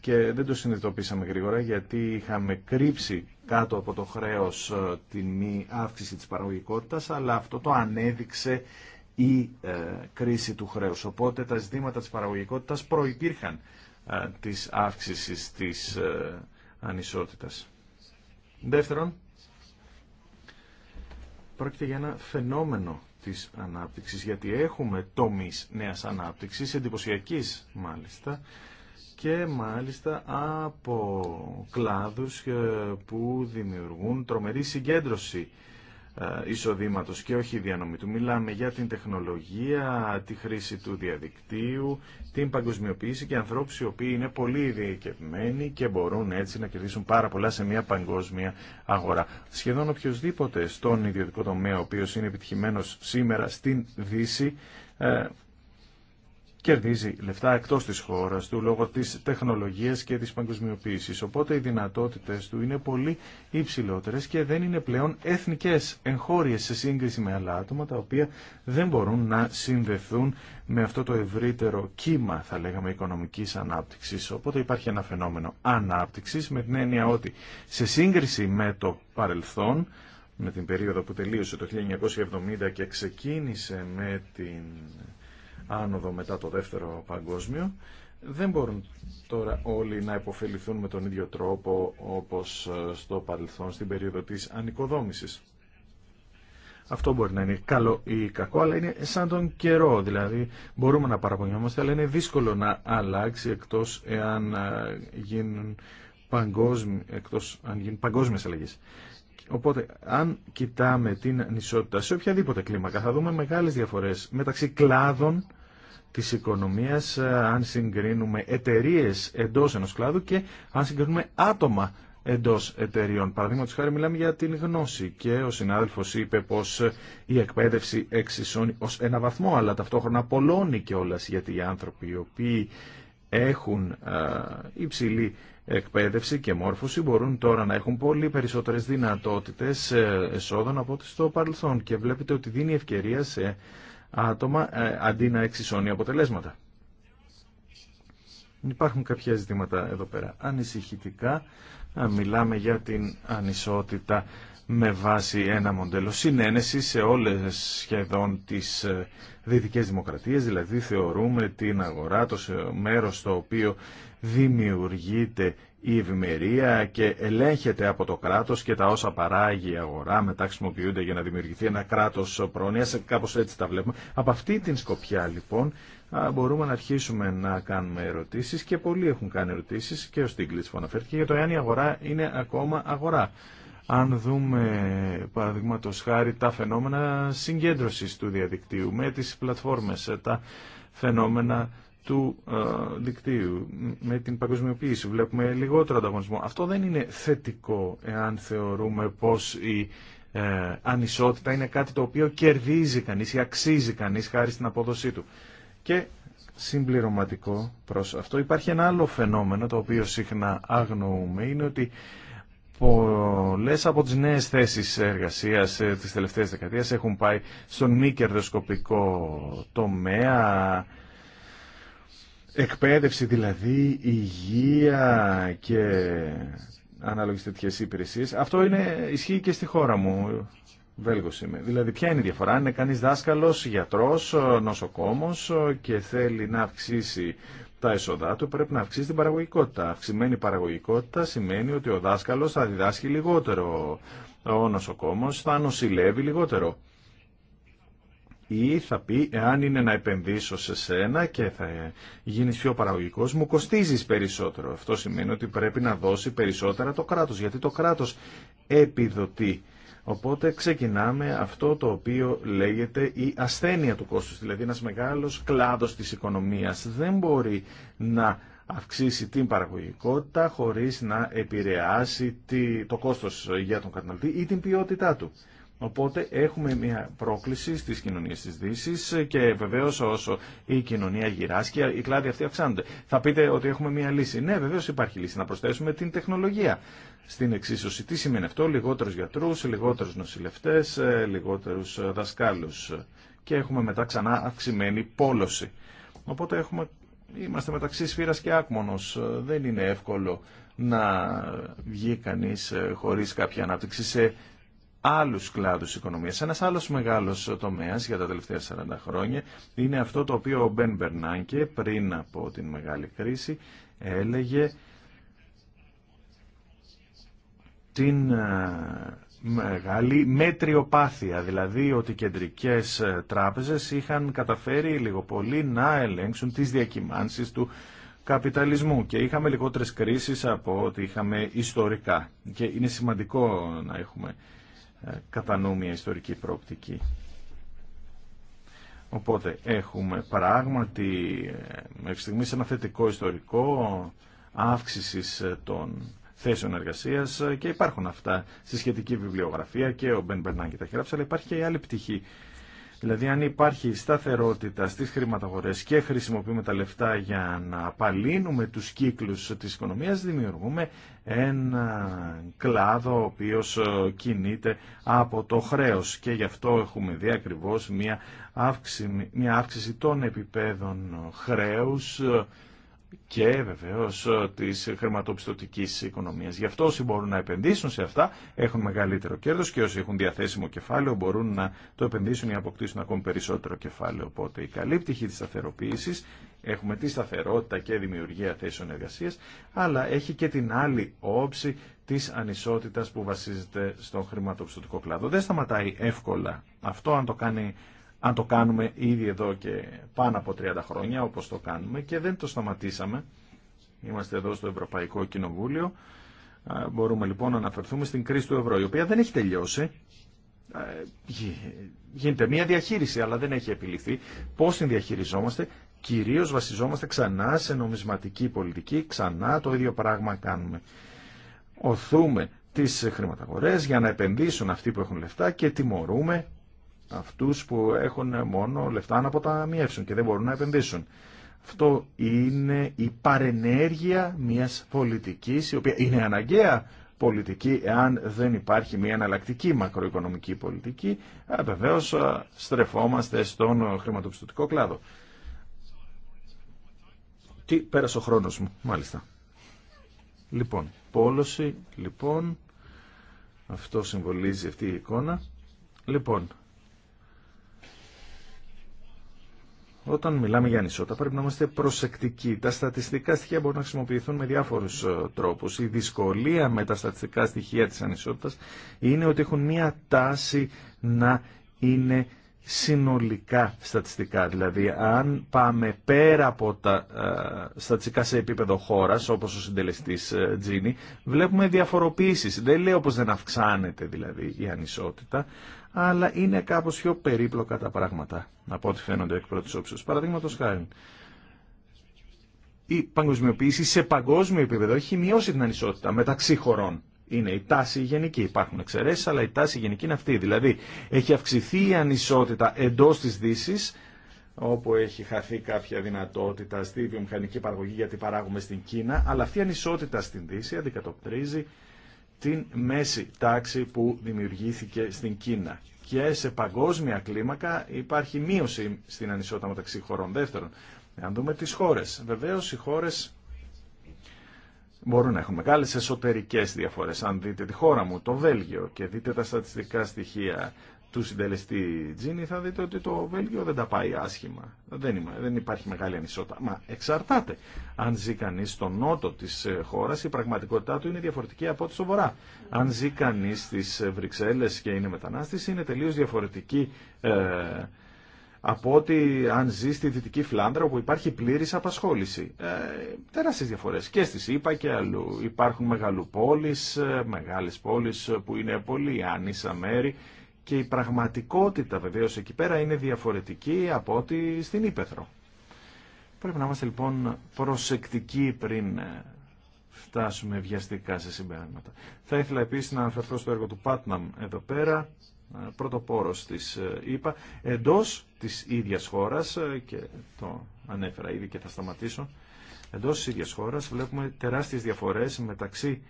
και δεν το συνειδητοποίησαμε γρήγορα γιατί είχαμε κρύψει κάτω από το χρέος ε, την μη αύξηση της παραγωγικότητας αλλά αυτό το ανέδειξε η ε, κρίση του χρέους. Οπότε τα ζητήματα της παραγωγικότητας προϋπήρχαν ε, της αύξησης της ανισότητας. Δεύτερον, πρόκειται για ένα φαινόμενο της ανάπτυξης, γιατί έχουμε τομείς νέας ανάπτυξης, εντυπωσιακής μάλιστα, και μάλιστα από κλάδους ε, που δημιουργούν τρομερή συγκέντρωση ε, εισοδήματο και όχι διανομή του. Μιλάμε για την τεχνολογία, τη χρήση του διαδικτύου, την παγκοσμιοποίηση και ανθρώπους οι οποίοι είναι πολύ ειδικευμένοι και μπορούν έτσι να κερδίσουν πάρα πολλά σε μια παγκόσμια αγορά. Σχεδόν οποιοδήποτε στον ιδιωτικό τομέα ο οποίος είναι επιτυχημένος σήμερα στην Δύση ε, κερδίζει λεφτά εκτός της χώρας του λόγω της τεχνολογίας και της παγκοσμιοποίησης. Οπότε οι δυνατότητες του είναι πολύ υψηλότερες και δεν είναι πλέον εθνικές εγχώριες σε σύγκριση με άλλα άτομα τα οποία δεν μπορούν να συνδεθούν με αυτό το ευρύτερο κύμα θα λέγαμε οικονομικής ανάπτυξης. Οπότε υπάρχει ένα φαινόμενο ανάπτυξης με την έννοια ότι σε σύγκριση με το παρελθόν με την περίοδο που τελείωσε το 1970 και ξεκίνησε με την άνοδο μετά το δεύτερο παγκόσμιο. Δεν μπορούν τώρα όλοι να υποφεληθούν με τον ίδιο τρόπο όπως ε, στο παρελθόν στην περίοδο της ανοικοδόμησης. Αυτό μπορεί να είναι καλό ή κακό, αλλά είναι σαν τον καιρό. Δηλαδή μπορούμε να παραπονιόμαστε, αλλά είναι δύσκολο να αλλάξει εκτός εάν ε, γίνουν παγκόσμι, εκτός αν παγκόσμιες αλλαγές. Οπότε, αν κοιτάμε την ανισότητα σε οποιαδήποτε κλίμακα, θα δούμε μεγάλες διαφορές μεταξύ κλάδων της οικονομίας ε, αν συγκρίνουμε εταιρείε εντός ενός κλάδου και αν συγκρίνουμε άτομα εντός εταιρείων. Παραδείγματος χάρη μιλάμε για την γνώση και ο συνάδελφος είπε πως ε, η εκπαίδευση εξισώνει ως ένα βαθμό αλλά ταυτόχρονα πολλώνει κιόλα γιατί οι άνθρωποι οι οποίοι έχουν ε, υψηλή εκπαίδευση και μόρφωση μπορούν τώρα να έχουν πολύ περισσότερες δυνατότητες εσόδων από ό,τι στο παρελθόν και βλέπετε ότι δίνει ευκαιρία σε άτομα ε, αντί να εξισώνει αποτελέσματα. Υπάρχουν κάποια ζητήματα εδώ πέρα ανησυχητικά. Μιλάμε για την ανισότητα με βάση ένα μοντέλο συνένεση σε όλες σχεδόν τις ε, δυτικές δημοκρατίες, δηλαδή θεωρούμε την αγορά το μέρος το οποίο δημιουργείται η ευημερία και ελέγχεται από το κράτο και τα όσα παράγει η αγορά μετά χρησιμοποιούνται για να δημιουργηθεί ένα κράτο πρόνοια. κάπω έτσι τα βλέπουμε. Από αυτή την σκοπιά λοιπόν μπορούμε να αρχίσουμε να κάνουμε ερωτήσει και πολλοί έχουν κάνει ερωτήσει και ο Στίγκλιτ που αναφέρθηκε για το εάν η αγορά είναι ακόμα αγορά. Αν δούμε παραδείγματο χάρη τα φαινόμενα συγκέντρωση του διαδικτύου με τις πλατφόρμε, τα φαινόμενα του ε, δικτύου, με την παγκοσμιοποίηση. Βλέπουμε λιγότερο ανταγωνισμό. Αυτό δεν είναι θετικό εάν θεωρούμε πως η ε, ανισότητα είναι κάτι το οποίο κερδίζει κανείς ή αξίζει κανείς χάρη στην απόδοσή του. Και συμπληρωματικό προς αυτό υπάρχει ένα άλλο φαινόμενο το οποίο συχνά αγνοούμε είναι ότι πολλές από τις νέες θέσεις εργασίας ε, της τελευταία δεκαετία έχουν πάει στον μη κερδοσκοπικό τομέα Εκπαίδευση δηλαδή, υγεία και ανάλογες τέτοιες υπηρεσίες. Αυτό είναι, ισχύει και στη χώρα μου. Βέλγος είμαι. Δηλαδή ποια είναι η διαφορά. Αν είναι κανείς δάσκαλος, γιατρός, νοσοκόμος και θέλει να αυξήσει τα έσοδά του, πρέπει να αυξήσει την παραγωγικότητα. Αυξημένη παραγωγικότητα σημαίνει ότι ο δάσκαλος θα διδάσκει λιγότερο. Ο νοσοκόμος θα νοσηλεύει λιγότερο ή θα πει εάν είναι να επενδύσω σε σένα και θα γίνεις πιο παραγωγικός μου κοστίζεις περισσότερο. Αυτό σημαίνει ότι πρέπει να δώσει περισσότερα το κράτος γιατί το κράτος επιδοτεί. Οπότε ξεκινάμε αυτό το οποίο λέγεται η ασθένεια του κόστους, δηλαδή ένας μεγάλος κλάδος της οικονομίας. Δεν μπορεί να αυξήσει την παραγωγικότητα χωρίς να επηρεάσει το κόστος για τον καταναλωτή ή την ποιότητά του. Οπότε έχουμε μια πρόκληση στις κοινωνίες της δύση και βεβαίως όσο η κοινωνία γυράσκει, οι κλάδοι αυτοί αυξάνονται. Θα πείτε ότι έχουμε μια λύση. Ναι, βεβαίως υπάρχει λύση. Να προσθέσουμε την τεχνολογία στην εξίσωση. Τι σημαίνει αυτό, λιγότερους γιατρούς, λιγότερους νοσηλευτές, ε, λιγότερους δασκάλους. Και έχουμε μετά ξανά αυξημένη πόλωση. Οπότε έχουμε... είμαστε μεταξύ σφύρας και άκμονος. Δεν είναι εύκολο να βγει κανεί ε, χωρίς κάποια ανάπτυξη σε άλλους κλάδους οικονομίας. Ένας άλλος μεγάλος τομέας για τα τελευταία 40 χρόνια είναι αυτό το οποίο ο Μπεν Μπερνάνκε πριν από την μεγάλη κρίση έλεγε την ε, μεγάλη μετριοπάθεια, δηλαδή ότι οι κεντρικές ε, τράπεζες είχαν καταφέρει λίγο πολύ να ελέγξουν τις διακυμάνσεις του καπιταλισμού και είχαμε λιγότερε κρίσεις από ό,τι είχαμε ιστορικά. Και είναι σημαντικό να έχουμε ε, κατά μια ιστορική προοπτική. Οπότε έχουμε πράγματι ε, μέχρι στιγμή ένα θετικό ιστορικό αύξησης ε, των θέσεων εργασία και υπάρχουν αυτά στη σχετική βιβλιογραφία και ο Μπεν Μπερνάγκη τα χειράψε, αλλά υπάρχει και η άλλη πτυχή Δηλαδή αν υπάρχει σταθερότητα στις χρηματαγορές και χρησιμοποιούμε τα λεφτά για να απαλύνουμε τους κύκλους της οικονομίας, δημιουργούμε ένα κλάδο ο οποίος ε, κινείται από το χρέος και γι' αυτό έχουμε δει ακριβώ μια αύξηση, μια αύξηση των επιπέδων χρέους ε, και βεβαίω ε, τη χρηματοπιστωτική οικονομία. Γι' αυτό όσοι μπορούν να επενδύσουν σε αυτά έχουν μεγαλύτερο κέρδο και όσοι έχουν διαθέσιμο κεφάλαιο μπορούν να το επενδύσουν ή να αποκτήσουν ακόμη περισσότερο κεφάλαιο. Οπότε η αποκτησουν ακομη περισσοτερο κεφαλαιο πτυχή τη σταθεροποίηση έχουμε τη σταθερότητα και δημιουργία θέσεων εργασία, αλλά έχει και την άλλη όψη τη ανισότητα που βασίζεται στον χρηματοπιστωτικό κλάδο. Δεν σταματάει εύκολα αυτό αν το κάνει αν το κάνουμε ήδη εδώ και πάνω από 30 χρόνια, όπως το κάνουμε, και δεν το σταματήσαμε. Είμαστε εδώ στο Ευρωπαϊκό Κοινοβούλιο. Μπορούμε λοιπόν να αναφερθούμε στην κρίση του ευρώ, η οποία δεν έχει τελειώσει. Γίνεται μία διαχείριση, αλλά δεν έχει επιληθεί. Πώς την διαχειριζόμαστε, κυρίως βασιζόμαστε ξανά σε νομισματική πολιτική, ξανά το ίδιο πράγμα κάνουμε. Οθούμε τις χρηματαγορές για να επενδύσουν αυτοί που έχουν λεφτά και τιμωρούμε αυτούς που έχουν μόνο λεφτά να αποταμιεύσουν και δεν μπορούν να επενδύσουν. Αυτό είναι η παρενέργεια μιας πολιτικής, η οποία είναι αναγκαία πολιτική, εάν δεν υπάρχει μια αναλλακτική μακροοικονομική πολιτική, βεβαίω στρεφόμαστε στον χρηματοπιστωτικό κλάδο. Τι πέρασε ο χρόνος μου, μάλιστα. Λοιπόν, πόλωση, λοιπόν, αυτό συμβολίζει αυτή η εικόνα. Λοιπόν, Όταν μιλάμε για ανισότητα πρέπει να είμαστε προσεκτικοί. Τα στατιστικά στοιχεία μπορούν να χρησιμοποιηθούν με διάφορους ε, τρόπους. Η δυσκολία με τα στατιστικά στοιχεία της ανισότητας είναι ότι έχουν μία τάση να είναι συνολικά στατιστικά. Δηλαδή, αν πάμε πέρα από τα ε, στατιστικά σε επίπεδο χώρας, όπως ο συντελεστής ε, Τζίνι, βλέπουμε διαφοροποίησεις. Δεν λέω πώ δεν αυξάνεται δηλαδή η ανισότητα, αλλά είναι κάπως πιο περίπλοκα τα πράγματα από ό,τι φαίνονται εκ πρώτης όψεως. Παραδείγματος χάρη, η παγκοσμιοποίηση σε παγκόσμιο επίπεδο έχει μειώσει την ανισότητα μεταξύ χωρών. Είναι η τάση γενική. Υπάρχουν εξαιρέσει, αλλά η τάση γενική είναι αυτή. Δηλαδή, έχει αυξηθεί η ανισότητα εντό τη Δύση, όπου έχει χαθεί κάποια δυνατότητα στη βιομηχανική παραγωγή γιατί παράγουμε στην Κίνα, αλλά αυτή η ανισότητα στην Δύση αντικατοπτρίζει την μέση τάξη που δημιουργήθηκε στην Κίνα. Και σε παγκόσμια κλίμακα υπάρχει μείωση στην ανισότητα μεταξύ χωρών. Δεύτερον, αν δούμε τις χώρες. Βεβαίως οι χώρες μπορούν να έχουν μεγάλες εσωτερικές διαφορές. Αν δείτε τη χώρα μου, το Βέλγιο, και δείτε τα στατιστικά στοιχεία του συντελεστή Τζίνι θα δείτε ότι το Βέλγιο δεν τα πάει άσχημα. Δεν, δεν υπάρχει μεγάλη ανισότητα. Μα εξαρτάται. Αν ζει κανεί στο νότο τη ε, χώρα, η πραγματικότητά του είναι διαφορετική από ό,τι στο βορρά. Αν ζει κανεί στι ε, Βρυξέλλε και είναι μετανάστη, είναι τελείω διαφορετική ε, από ότι αν ζει στη Δυτική Φλάνδρα όπου υπάρχει πλήρη απασχόληση. Ε, Τεράστιε διαφορέ και στι ΗΠΑ και αλλού. Υπάρχουν μεγαλοπόλει, ε, μεγάλε πόλει που είναι πολύ άνισα μέρη και η πραγματικότητα βεβαίω εκεί πέρα είναι διαφορετική από ό,τι στην Ήπεθρο. Πρέπει να είμαστε λοιπόν προσεκτικοί πριν ε, φτάσουμε βιαστικά σε συμπεράσματα. Θα ήθελα επίσης να αναφερθώ στο έργο του Πάτναμ εδώ πέρα, ε, πρωτοπόρος της Ήπα. Ε, εντός της ίδιας χώρας, και το ανέφερα ήδη και θα σταματήσω, εντός της ίδιας χώρας βλέπουμε τεράστιες διαφορές μεταξύ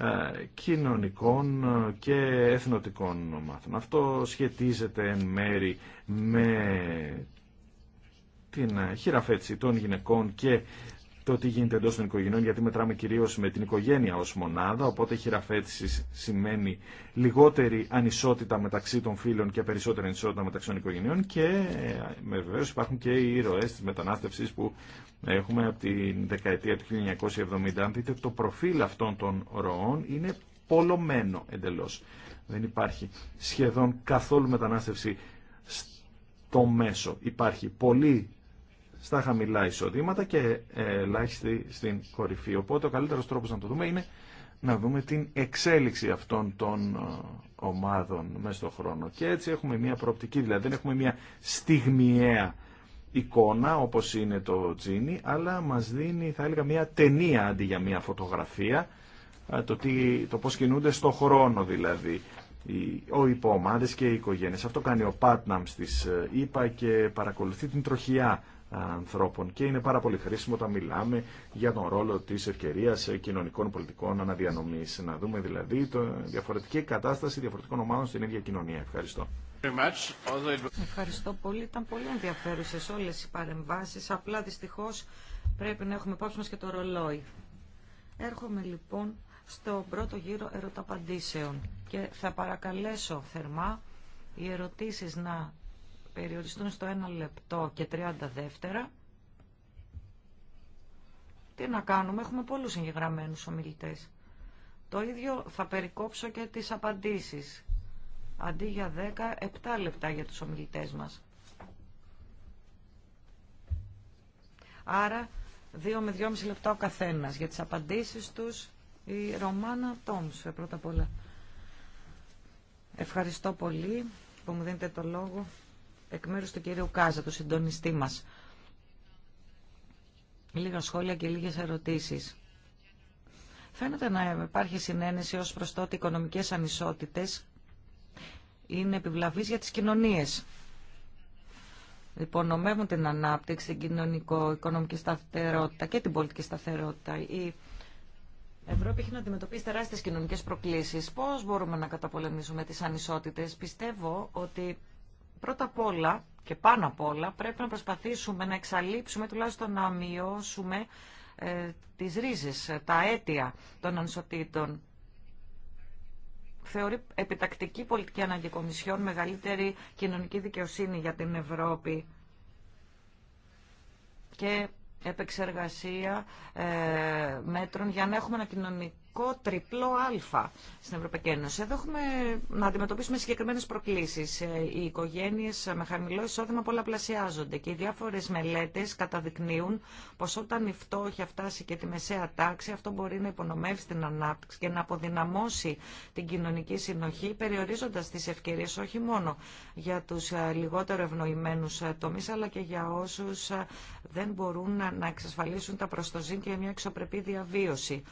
ε, κοινωνικών και εθνοτικών μάθων. Αυτό σχετίζεται εν μέρη με την χειραφέτηση των γυναικών και το τι γίνεται εντό των οικογενειών, γιατί μετράμε κυρίως με την οικογένεια ως μονάδα. Οπότε η χειραφέτηση σημαίνει λιγότερη ανισότητα μεταξύ των φίλων και περισσότερη ανισότητα μεταξύ των οικογενειών. Και ε, βεβαίω υπάρχουν και οι ήρωές τη μετανάστευση που έχουμε από την δεκαετία του 1970. Αν δείτε το προφίλ αυτών των ροών είναι πολλωμένο εντελώς. Δεν υπάρχει σχεδόν καθόλου μετανάστευση στο μέσο. Υπάρχει πολύ στα χαμηλά εισοδήματα και ελάχιστη στην κορυφή. Οπότε ο καλύτερος τρόπος να το δούμε είναι να δούμε την εξέλιξη αυτών των ε, ομάδων μέσα στον χρόνο. Και έτσι έχουμε μια προοπτική, δηλαδή δεν έχουμε μια στιγμιαία εικόνα όπως είναι το τζίνι, αλλά μας δίνει θα έλεγα μια ταινία αντί για μια φωτογραφία, το, τι, το πώς κινούνται στο χρόνο δηλαδή ο υπομάδες και οι οικογένειες. Αυτό κάνει ο Πάτναμ στις ε, ΗΠΑ και παρακολουθεί την τροχιά ανθρώπων και είναι πάρα πολύ χρήσιμο όταν μιλάμε για τον ρόλο της ευκαιρίας ε, κοινωνικών πολιτικών αναδιανομής. Να δούμε δηλαδή το διαφορετική κατάσταση διαφορετικών ομάδων στην ίδια κοινωνία. Ευχαριστώ. Ευχαριστώ πολύ. Ήταν πολύ ενδιαφέρουσες όλες οι παρεμβάσεις. Απλά δυστυχώς πρέπει να έχουμε υπόψη μας και το ρολόι. Έρχομαι λοιπόν στο πρώτο γύρο ερωταπαντήσεων και θα παρακαλέσω θερμά οι ερωτήσεις να περιοριστούν στο ένα λεπτό και 30 δεύτερα. Τι να κάνουμε, έχουμε πολλούς εγγεγραμμένους ομιλητές. Το ίδιο θα περικόψω και τις απαντήσεις Αντί για 10, 7 λεπτά για τους ομιλητές μας. Άρα, 2 με 2,5 λεπτά ο καθένας για τις απαντήσεις τους. Η Ρωμάνα Τόμς, πρώτα απ' όλα. Ευχαριστώ πολύ που μου δίνετε το λόγο εκ μέρους του κυρίου Κάζα, του συντονιστή μας. Λίγα σχόλια και λίγες ερωτήσεις. Φαίνεται να υπάρχει συνένεση ως προς το ότι οικονομικές ανισότητες είναι επιβλαβής για τις κοινωνίες. Υπονομεύουν την ανάπτυξη, την κοινωνικο-οικονομική σταθερότητα και την πολιτική σταθερότητα. Η Ευρώπη έχει να αντιμετωπίσει τεράστιες κοινωνικές προκλήσεις. Πώς μπορούμε να καταπολεμήσουμε τις ανισότητες. Πιστεύω ότι πρώτα απ' όλα και πάνω απ' όλα πρέπει να προσπαθήσουμε να εξαλείψουμε, τουλάχιστον να μειώσουμε ε, τις ρίζες, τα αίτια των ανισοτήτων θεωρεί επιτακτική πολιτική ανάγκη μεγαλύτερη κοινωνική δικαιοσύνη για την Ευρώπη και επεξεργασία ε, μέτρων για να έχουμε ένα κοινωνικό ευρωπαϊκό τριπλό α στην Ευρωπαϊκή Ένωση. Εδώ έχουμε να αντιμετωπίσουμε συγκεκριμένε προκλήσει. Ε, οι οικογένειε με χαμηλό εισόδημα πολλαπλασιάζονται και οι διάφορε μελέτε καταδεικνύουν πω όταν η φτώχεια φτάσει και τη μεσαία τάξη αυτό μπορεί να υπονομεύσει την ανάπτυξη και να αποδυναμώσει την κοινωνική συνοχή περιορίζοντα τι ευκαιρίε, όχι μόνο για του ε, λιγότερο ευνοημένου ε, τομεί, αλλά και για όσου δεν μπορούν να εξασφαλίσουν τα προστοζήν και μια εξωπρεπή διαβίωση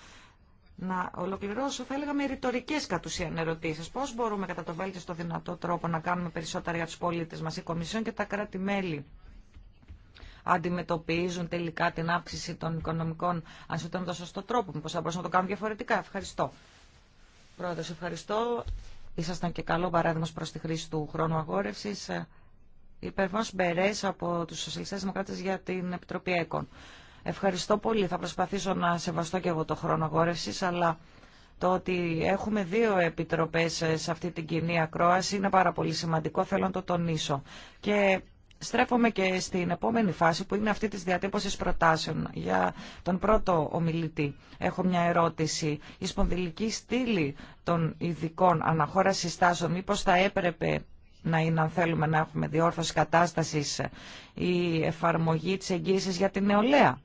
να ολοκληρώσω, θα έλεγα, με ρητορικέ κατ' ουσίαν ερωτήσει. Πώ μπορούμε κατά το βέλτιστο δυνατό τρόπο να κάνουμε περισσότερα για του πολίτε μα, η Κομισιόν και τα κράτη-μέλη αντιμετωπίζουν τελικά την αύξηση των οικονομικών ανισοτήτων με τον σωστό τρόπο. Μήπω θα μπορούσαμε να το κάνουμε διαφορετικά. Ευχαριστώ. Πρόεδρε, ευχαριστώ. Ήσασταν και καλό παράδειγμα προ τη χρήση του χρόνου αγόρευση. Ε, Υπερβάσου Μπερέ από του Σοσιαλιστέ Δημοκράτε για την Επιτροπή ΕΚΟΝ. Ευχαριστώ πολύ. Θα προσπαθήσω να σεβαστώ και εγώ το χρόνο αγόρευσης, αλλά το ότι έχουμε δύο επίτροπε σε αυτή την κοινή ακρόαση είναι πάρα πολύ σημαντικό, θέλω να το τονίσω. Και στρέφομαι και στην επόμενη φάση που είναι αυτή της διατύπωσης προτάσεων. Για τον πρώτο ομιλητή έχω μια ερώτηση. Η σπονδυλική στήλη των ειδικών αναχώρα συστάσεων μήπως θα έπρεπε να είναι αν θέλουμε να έχουμε διόρθωση κατάστασης η εφαρμογή της εγγύησης για την νεολαία.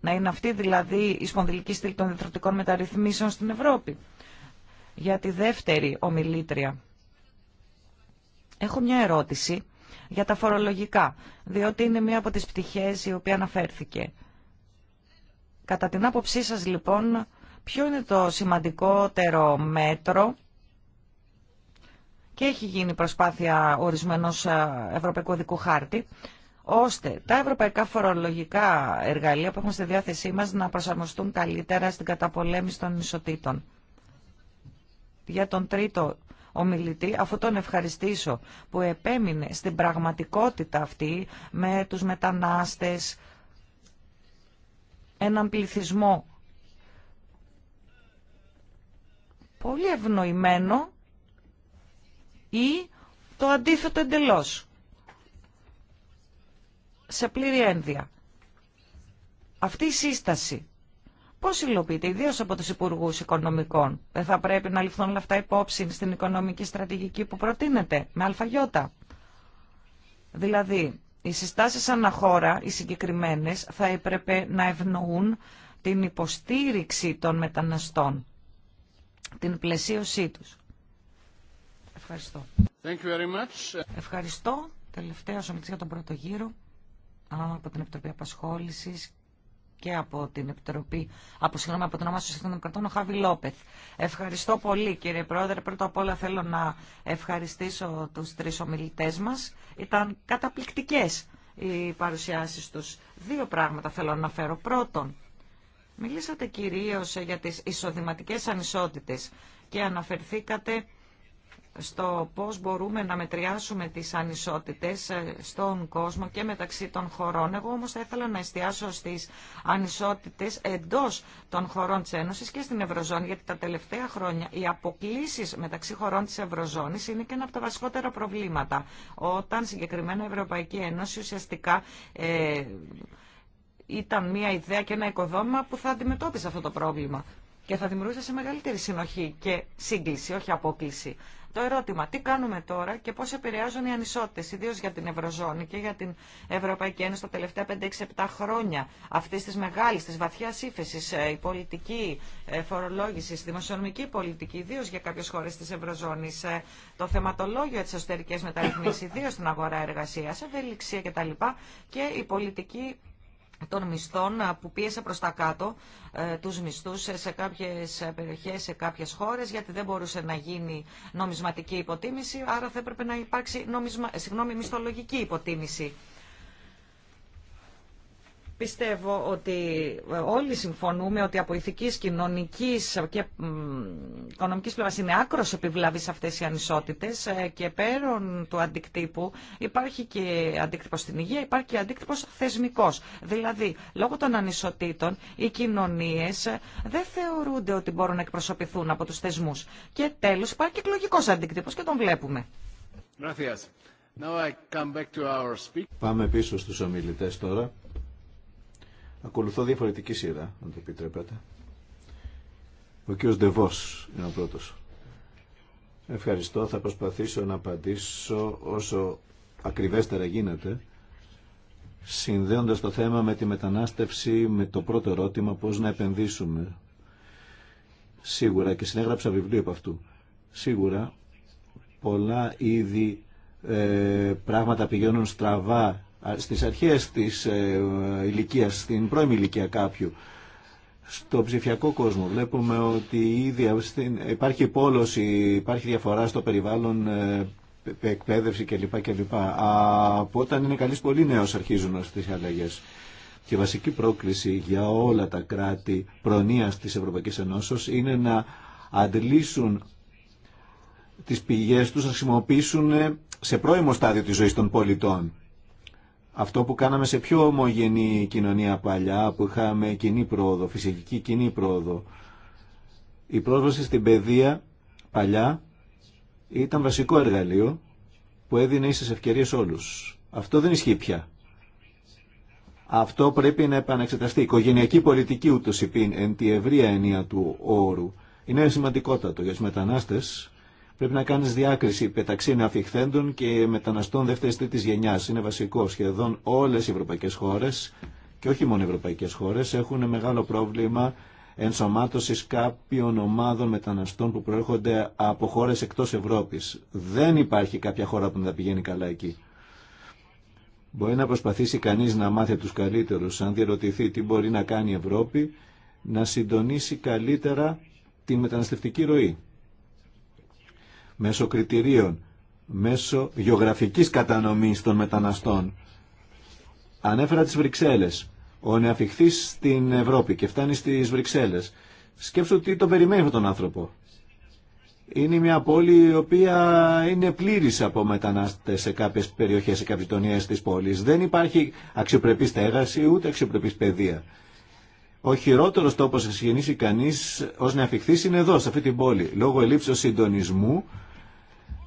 Να είναι αυτή δηλαδή η σπονδυλική στήλη των μεταρρυθμίσεων στην Ευρώπη. Για τη δεύτερη ομιλήτρια. Έχω μια ερώτηση για τα φορολογικά, διότι είναι μία από τις πτυχές η οποία αναφέρθηκε. Κατά την άποψή σας λοιπόν, ποιο είναι το σημαντικότερο μέτρο και έχει γίνει προσπάθεια ορισμένος ε, ευρωπαϊκού δικού χάρτη ώστε τα ευρωπαϊκά φορολογικά εργαλεία που έχουμε στη διάθεσή μας να προσαρμοστούν καλύτερα στην καταπολέμηση των ισοτήτων. Για τον τρίτο ομιλητή, αφού τον ευχαριστήσω που επέμεινε στην πραγματικότητα αυτή με τους μετανάστες, έναν πληθυσμό πολύ ευνοημένο ή το αντίθετο εντελώς σε πλήρη ένδια. Αυτή η σύσταση Πώ υλοποιείται, ιδίω από του Υπουργού Οικονομικών, δεν θα πρέπει να ληφθούν όλα αυτά υπόψη στην οικονομική στρατηγική που προτείνεται με αλφαγιώτα. Δηλαδή, οι συστάσει αναχώρα, οι συγκεκριμένε, θα έπρεπε να ευνοούν την υποστήριξη των μεταναστών, την πλαισίωσή του. Ευχαριστώ. Ευχαριστώ. Τελευταίο ομιλητή για τον πρώτο γύρο από την Επιτροπή Απασχόληση και από την Επιτροπή, από, συγγνώμη, από την Ομάδα των Κρατών, ο Χάβι Λόπεθ. Ευχαριστώ πολύ κύριε Πρόεδρε. Πρώτα απ' όλα θέλω να ευχαριστήσω τους τρεις ομιλητές μας. Ήταν καταπληκτικέ οι παρουσιάσει τους. Δύο πράγματα θέλω να αναφέρω. Πρώτον, μιλήσατε κυρίω για τις εισοδηματικέ ανισότητε και αναφερθήκατε στο πώς μπορούμε να μετριάσουμε τις ανισότητες ε, στον κόσμο και μεταξύ των χωρών. Εγώ όμως θα ήθελα να εστιάσω στις ανισότητες εντός των χωρών της Ένωσης και στην Ευρωζώνη, γιατί τα τελευταία χρόνια οι αποκλήσεις μεταξύ χωρών της Ευρωζώνης είναι και ένα από τα βασικότερα προβλήματα. Όταν συγκεκριμένα η Ευρωπαϊκή Ένωση ουσιαστικά... Ε, ήταν μια ιδέα και ένα οικοδόμημα που θα αντιμετώπιζε αυτό το πρόβλημα και θα δημιουργούσε σε μεγαλύτερη συνοχή και σύγκληση, όχι απόκληση. Το ερώτημα, τι κάνουμε τώρα και πώς επηρεάζουν οι ανισότητες, ιδίως για την Ευρωζώνη και για την Ευρωπαϊκή Ένωση τα τελευταία 5-6-7 χρόνια αυτή τη μεγάλη, τη βαθιά ύφεση ε, η πολιτική ε, φορολόγηση, η δημοσιονομική πολιτική, ιδίως για κάποιες χώρες της Ευρωζώνης, ε, το θεματολόγιο τη εσωτερική μεταρρυθμίση, ιδίω στην αγορά εργασίας, ευελιξία κτλ. και η πολιτική των μισθών που πίεσε προς τα κάτω ε, τους μισθούς σε κάποιες περιοχές, σε κάποιες χώρες γιατί δεν μπορούσε να γίνει νομισματική υποτίμηση άρα θα έπρεπε να υπάρξει νομισμα... Ε, συγγνώμη, μισθολογική υποτίμηση Πιστεύω ότι όλοι συμφωνούμε ότι από ηθικής, κοινωνικής και οικονομικής πλευράς είναι άκρος επιβλαβής αυτές οι ανισότητες ε, και πέραν του αντικτύπου υπάρχει και αντίκτυπος στην υγεία, υπάρχει και αντίκτυπο θεσμικός. Δηλαδή, λόγω των ανισοτήτων, οι κοινωνίες ε, δεν θεωρούνται ότι μπορούν να εκπροσωπηθούν από τους θεσμούς. Και τέλος, υπάρχει και εκλογικός αντίκτυπος και τον βλέπουμε. Πάμε πίσω στους ομιλητές τώρα. Ακολουθώ διαφορετική σειρά, αν το επιτρέπετε. Ο κύριος Ντεβός είναι ο πρώτος. Ευχαριστώ. Θα προσπαθήσω να απαντήσω όσο ακριβέστερα γίνεται, συνδέοντας το θέμα με τη μετανάστευση, με το πρώτο ερώτημα, πώς να επενδύσουμε. Σίγουρα, και συνέγραψα βιβλίο από αυτού, σίγουρα πολλά είδη ε, πράγματα πηγαίνουν στραβά στις αρχές της ε, ηλικίας, στην πρώιμη ηλικία κάποιου. Στο ψηφιακό κόσμο βλέπουμε ότι ήδη υπάρχει πόλωση, υπάρχει διαφορά στο περιβάλλον, ε, εκπαίδευση κλπ. κλπ. Από όταν είναι καλής, πολύ νέος αρχίζουν αυτές οι αλλαγές. Και η βασική πρόκληση για όλα τα κράτη προνοίας της Ευρωπαϊκής Ενώσεως είναι να αντλήσουν τις πηγές τους, να χρησιμοποιήσουν σε πρώιμο στάδιο της ζωής των πολιτών αυτό που κάναμε σε πιο ομογενή κοινωνία παλιά, που είχαμε κοινή πρόοδο, φυσική κοινή πρόοδο. Η πρόσβαση στην παιδεία παλιά ήταν βασικό εργαλείο που έδινε ίσες ευκαιρίες όλους. Αυτό δεν ισχύει πια. Αυτό πρέπει να επαναξεταστεί. Η οικογενειακή πολιτική ούτως υπήν εν τη ευρία ενία του όρου είναι σημαντικότατο για τους μετανάστες Πρέπει να κάνει διάκριση μεταξύ αφιχθέντων και μεταναστών δεύτερης τρίτη γενιά. Είναι βασικό. Σχεδόν όλε οι ευρωπαϊκέ χώρε και όχι μόνο οι ευρωπαϊκές χώρες έχουν μεγάλο πρόβλημα ενσωμάτωση κάποιων ομάδων μεταναστών που προέρχονται από χώρε εκτό Ευρώπη. Δεν υπάρχει κάποια χώρα που να πηγαίνει καλά εκεί. Μπορεί να προσπαθήσει κανείς να μάθει τους καλύτερους, αν διερωτηθεί τι μπορεί να κάνει η Ευρώπη, να συντονίσει καλύτερα τη μεταναστευτική ροή μέσω κριτηρίων, μέσω γεωγραφικής κατανομής των μεταναστών. Ανέφερα τις Βρυξέλλες. Ο νεαφιχθής στην Ευρώπη και φτάνει στις Βρυξέλλες. Σκέψου τι τον περιμένει αυτόν τον άνθρωπο. Είναι μια πόλη η οποία είναι πλήρης από μετανάστες σε κάποιες περιοχές, σε κάποιες τονίες της πόλης. Δεν υπάρχει αξιοπρεπή στέγαση ούτε αξιοπρεπή παιδεία. Ο χειρότερος τόπος να συγγενήσει κανείς ως να είναι εδώ, σε αυτή την πόλη, λόγω ελλείψεως συντονισμού